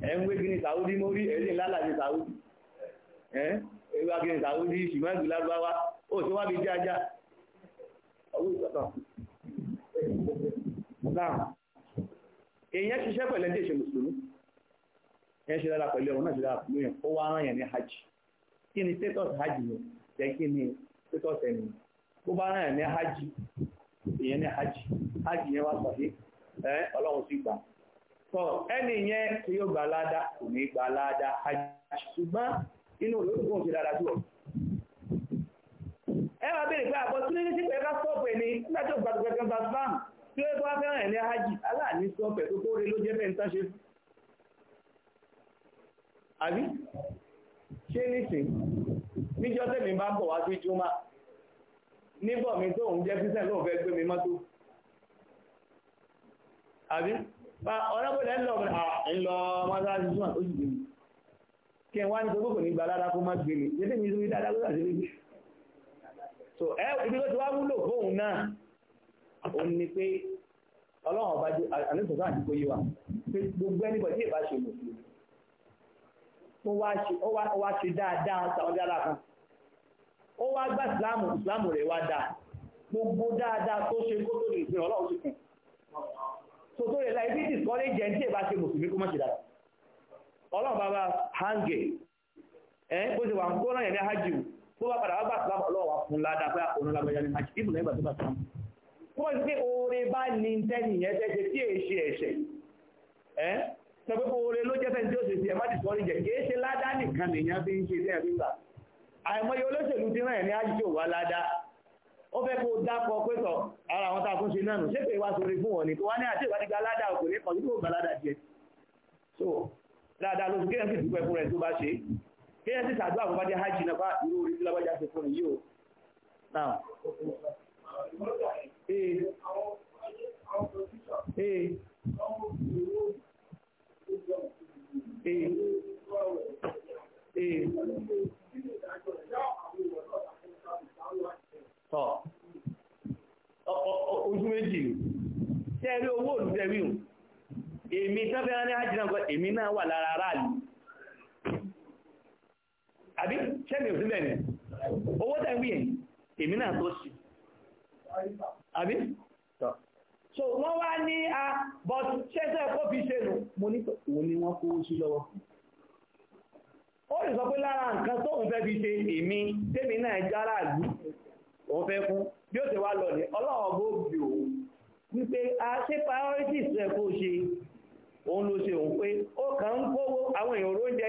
[SPEAKER 2] ẹ̀ ń wé kinní sàwúdí mọ́rí ẹ̀sìn lálàjì sàwúdí ẹ̀ ewu akinní sàwúdí ṣùgbọ́n ìlú lágbáwá ó ti wá bí jájá ọwọ́ ìsọ̀tàn. èèyàn ṣiṣẹ́ pẹ̀lẹ́ dé ṣe mùsùlùmí ẹ̀ ṣe dára pẹ̀lú ẹ̀wọ̀n náà ṣe dára pẹ̀lú ẹ̀ kó wá rán yẹn ní hajj kí ni status hajj lọ jẹ́ kí ni status ẹ̀mí bó bá rán ẹ̀ ní hajj ìyẹn ní hajj hajj yẹn wá sọ̀dí ẹ̀ ọlọ́run sì gbà tọ ẹni yẹn tí yóò gba aláda kò ní gba aláda hajj ṣùgbọ́n inú rẹ̀ ó ti dára tó ẹ máa béèrè pé àbọ̀ tún ní sí pé ká sọ́ọ̀pù ẹni nígbà tó gbàdúgbà kan bá bá tí ó bá fẹ́ràn ẹ̀ ní hajj aláàní sọ́ọ̀pù ẹ̀ tó kóore ṣé nìsín níjọ́ tẹ̀mí bá bọ̀ wá sí júmọ́ níbọ̀ mi tó ń jẹ́ kírísítẹ́nì lóun fẹ́ gbé mi mọ́tò àbí ọ̀rẹ́bọ̀lẹ̀ ńlọ ńlọ mọ́sálásí júmọ́ ó sì gbé mi kí n wá ní gbogbo ní gbalára kó má gbé mi jẹ́dẹ́ mi rí dáadáa lórí àṣírí
[SPEAKER 1] so ẹ ibi tó ti wá wúlò fóun
[SPEAKER 2] náà òun ni pé ọlọ́run ọba àníṣòfò àdìgbò yìí wa pé gbogbo ẹnìbọ̀ tí èèbá ṣe mùsùlùmí ó wá ṣe dáadáa Saudi Arabia ó wá gbá ìsìláàmù ìsìláàmù rẹ̀ wá dáa gbogbo dáadáa tó ṣe kó tó lè fi ọlọ́run sí fún so tó lè la ibi tí jẹ́ ní ìbá ṣe mùsùlùmí kó má ṣe dáadáa ọlọ́run bá bá hange ẹ bó ṣe wà ń kó náà yẹn ní hajj tó bá padà wá gbà ìsìláàmù ọlọ́run wà fún ládàá pé àkóónú lágbàjá ní hajj ibùdó ìgbà tó bá sàn wọ́n sọgbogbo oore ló jẹ́ fẹ́ni tí ó ṣe sí ẹ̀má dìsọ́rí jẹ́ kìí ṣe ládá nìkan nìyàn fi ń ṣe ní ẹ̀rí gbà àìmọye olóṣèlú ti rán ẹ̀ ní àjíṣò wá ládá ó fẹ́ kó dápọ̀ pétọ̀ ara àwọn tààkùn ṣe náà nù ṣé pé wá sórí fún wọn ni tó wá ní àti ìwádìí ládá kò ní kọjú tó ládá jẹ so dáadáa lóṣù kéèyàn sì dúpẹ́ fún rẹ̀ tó bá ṣe kéèyàn sì ṣàdúrà fún bájẹ́ hajj náà bá now ee
[SPEAKER 1] ee ee
[SPEAKER 2] ojú méjì ni rí owó olùdẹ́rí o èmi tọ́fẹ́ ní àjínà èmi náà wà lára aráàlú àbí ṣẹ́mi ò so wọ́n wá ní a ah, but ṣẹ́ṣẹ́ kó fi ṣe nù mo ní òun ni wọ́n kó sí lọ́wọ́ ó lè sọ pé lára nǹkan tó òun fẹ́ fi ṣe èmi tèmi náà jára àlú òun fẹ́ fún bí ó ti wá lọ ní ọlọ́wọ́ bó bí òun wípé a ṣe priorities rẹ̀ kó ṣe òun ló ṣe òun pé ó kàn ń kówó àwọn èèyàn oró ń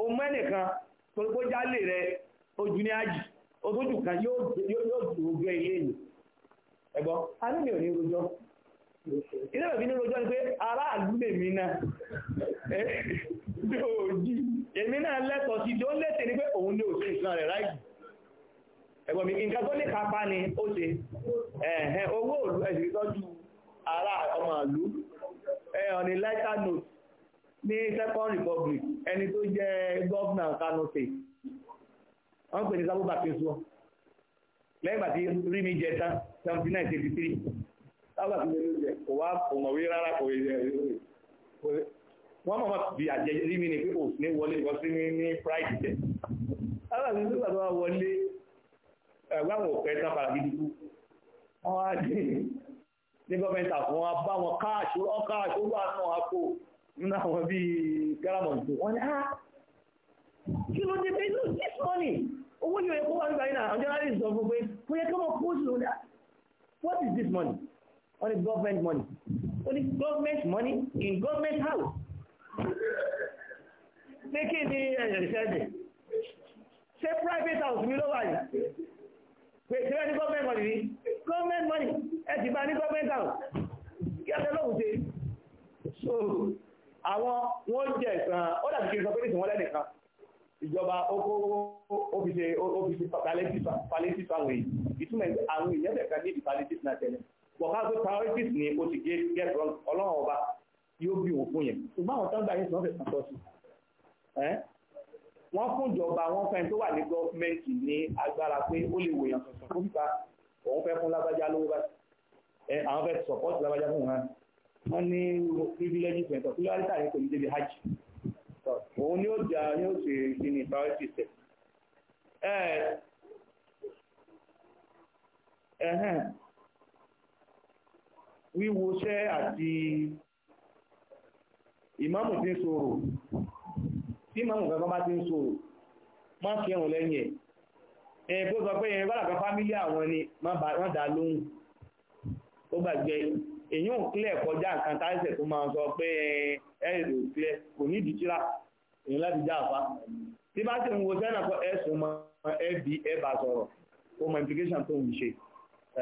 [SPEAKER 2] òun mẹ́nìkan torí kó jálè rẹ̀ ojú ní àjì ojújù kan yóò ju ojú ilé nìí ẹ̀gbọ́n a ní mi ò ní rojọ́ ilé ìbí ní rojọ́ ni pé aráàlú lèmi náà dòòjì èmi náà lẹ́tọ̀ọ́ sí tó lẹ́tẹ̀ ni pé òun ní òṣèlú ìsúná rẹ̀ ráì ẹ̀gbọ́n mi nǹkan tó ní kápá ni ó ṣe ẹ̀hẹ́ owó òlú ẹ̀sìn tọ́jú ará ọmọ ìlú ọ̀nì lẹ́tà note ní second republic ẹni tó jẹ́ gọ́vnà Kano State wọ́n pè ní sábúbà kí n sọ lẹ́yìn bàtí rí mi jẹ tán seventy nine eighty three tábà tí lórí jẹ kò wá kò mọ̀wé rárá kò yẹ wọ́n mọ̀ bí àjẹ rí mi ni pé kò ní wọlé ìwọ sí mi ní pride jẹ tábà tí lórí bàtí wọ́n wọlé ẹ̀gbọ́n òpẹ́ tán padà gidi kú wọ́n wá dé ní gọ́ọ̀mẹ́ntà fún wọn bá wọn káàṣì ó káàṣì ó wà náà àpò nínú àwọn bíi gárámọ̀ǹtì wọ́n ní á ah, kí ló dé pé ní this morning owó yóò kó wá nígbà yìí náà àwọn journalist sọ fún pé kò yẹ kí wọ́n post lónìí what is this money on the government money on the government money in government house ṣé kí ni ẹ̀yẹ̀ ìṣẹ́jẹ̀ private house mi ló wà yìí pé ṣé wọ́n government money ni government money ẹ ti bá ní government house kí ẹ lọ́wọ́ ṣe so àwọn wọ́n jẹ́ ìsan ó dàbí kí n sọ pé nítorí wọ́n lẹ́nìkan ìjọba ọ́fíìsì palliative àwọn èyí ìtumọ̀ àwọn èèyàn tẹ̀ka ní palliative náà tẹ̀lé bọ̀ká tó priorities ni ó ti get wrong ọlọ́run ọba yóò bí òun fún yẹn ṣùgbọ́n àwọn tó ń gbà yín sọ fẹ̀ sọ sí wọ́n fún ìjọba wọn fẹ́ tó wà ní gọ́ọ̀mẹ́ǹtì ní agbára pé ó lè wòyàn sọ̀tún fún ìta òun fẹ́ fún lágbájá lówó bá àwọn fẹ́ support lágbájá fún wọn wọn ní privilege fẹ̀tọ̀ kí ló wá ní tàbí kò ní débi hajj òun ni ó jà ní ó ṣe kí ni priority tẹ̀. wíwoṣẹ́ àti ìmáàmù tí ń sọ̀rọ̀ tí ìmáàmù kankan bá ti ń sọ̀rọ̀ má kírun lẹ́yìn ẹ̀ ẹ̀yìn tó sọ pé ẹ̀yìn bá làkà fámílì àwọn ni má dá lóhùn ó gbàgbé èyí ò clear kọjá nǹkan táìsẹ̀ tó máa sọ pé ẹ̀rọ clear kò ní ìdíjíra èyí láti já àfá tí bá sì ń wo sẹ́nà kọ ẹ̀sùn mọ ẹ̀bí ẹ̀bà sọ̀rọ̀ ó mọ implication tó ń ṣe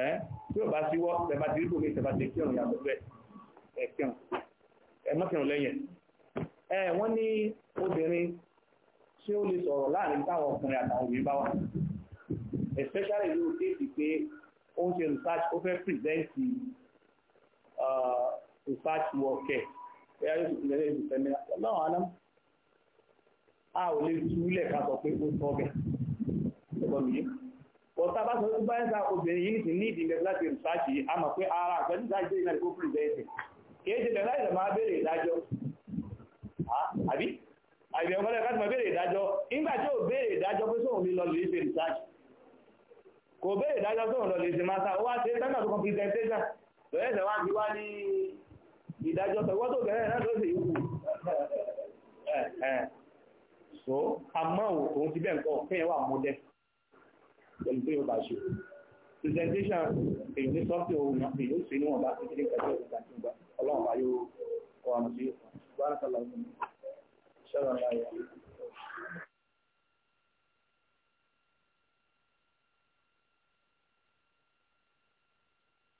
[SPEAKER 2] ẹ́ tí ò bá síwọ́ tẹ̀bá ti rí kò ní tẹ̀bá ti kírun yàtọ̀ bẹ́ẹ̀ ẹ̀ kírun ẹ̀ mọ́ kírun lẹ́yìn ẹ̀ wọ́n ní obìnrin ṣé ó lè sọ̀rọ̀ láàrin táwọn ọkùnrin àtàwọn obìnrin bá wà especially lórí kéèsì pé ó ń ṣe research ó fẹ́ present research work ẹ̀ bẹ́ẹ̀ yóò fi lẹ́lẹ́ ìdìtẹ́ ní ọlọ́run àná a ò lè túlẹ̀ ká sọ pé ó sọ bẹ́ẹ̀ ẹ̀gbọ́n mi yìí bọ̀tá bá sọ pé báyìí sá obìnrin yìí sì ní ìdílé láti research yìí a mọ̀ pé ara àgbẹ̀dì sáà jẹ́ ìnáwó fún ìbẹ́ẹ̀sì kìí ṣe bẹ̀rẹ̀ láìsẹ̀ máa béèrè ìdájọ́ àbí àbẹ̀rẹ̀ ọmọdé káàtì máa béèrè ìdájọ́ nígbà tí ó béèrè ìdájọ́ pé sóhun lọ lè ṣe research kò béèrè ìdájọ́ sóhun lọ lè ṣe máa sá ó wá ṣe tẹ́lẹ̀ tó kọ́ presentation bẹ̀rẹ̀ ẹ̀sẹ̀ wá ti wá ní ìdájọ́ sọ̀gbọ́n tó bẹ̀rẹ̀ náà lóṣè yìí so àmọ́ òun ti bẹ́ẹ̀ nǹkan ọ̀fẹ́ wà mọ́dẹ́ pẹ̀lú pé ó bá ṣe presentation èyí ní sọ́ọ̀tì òun náà èyí ó sì níwọ̀n bá ti kéde kẹjọ ìgbà tí ọlọ́run bá yóò kọ́ àmì sí
[SPEAKER 1] ìgbà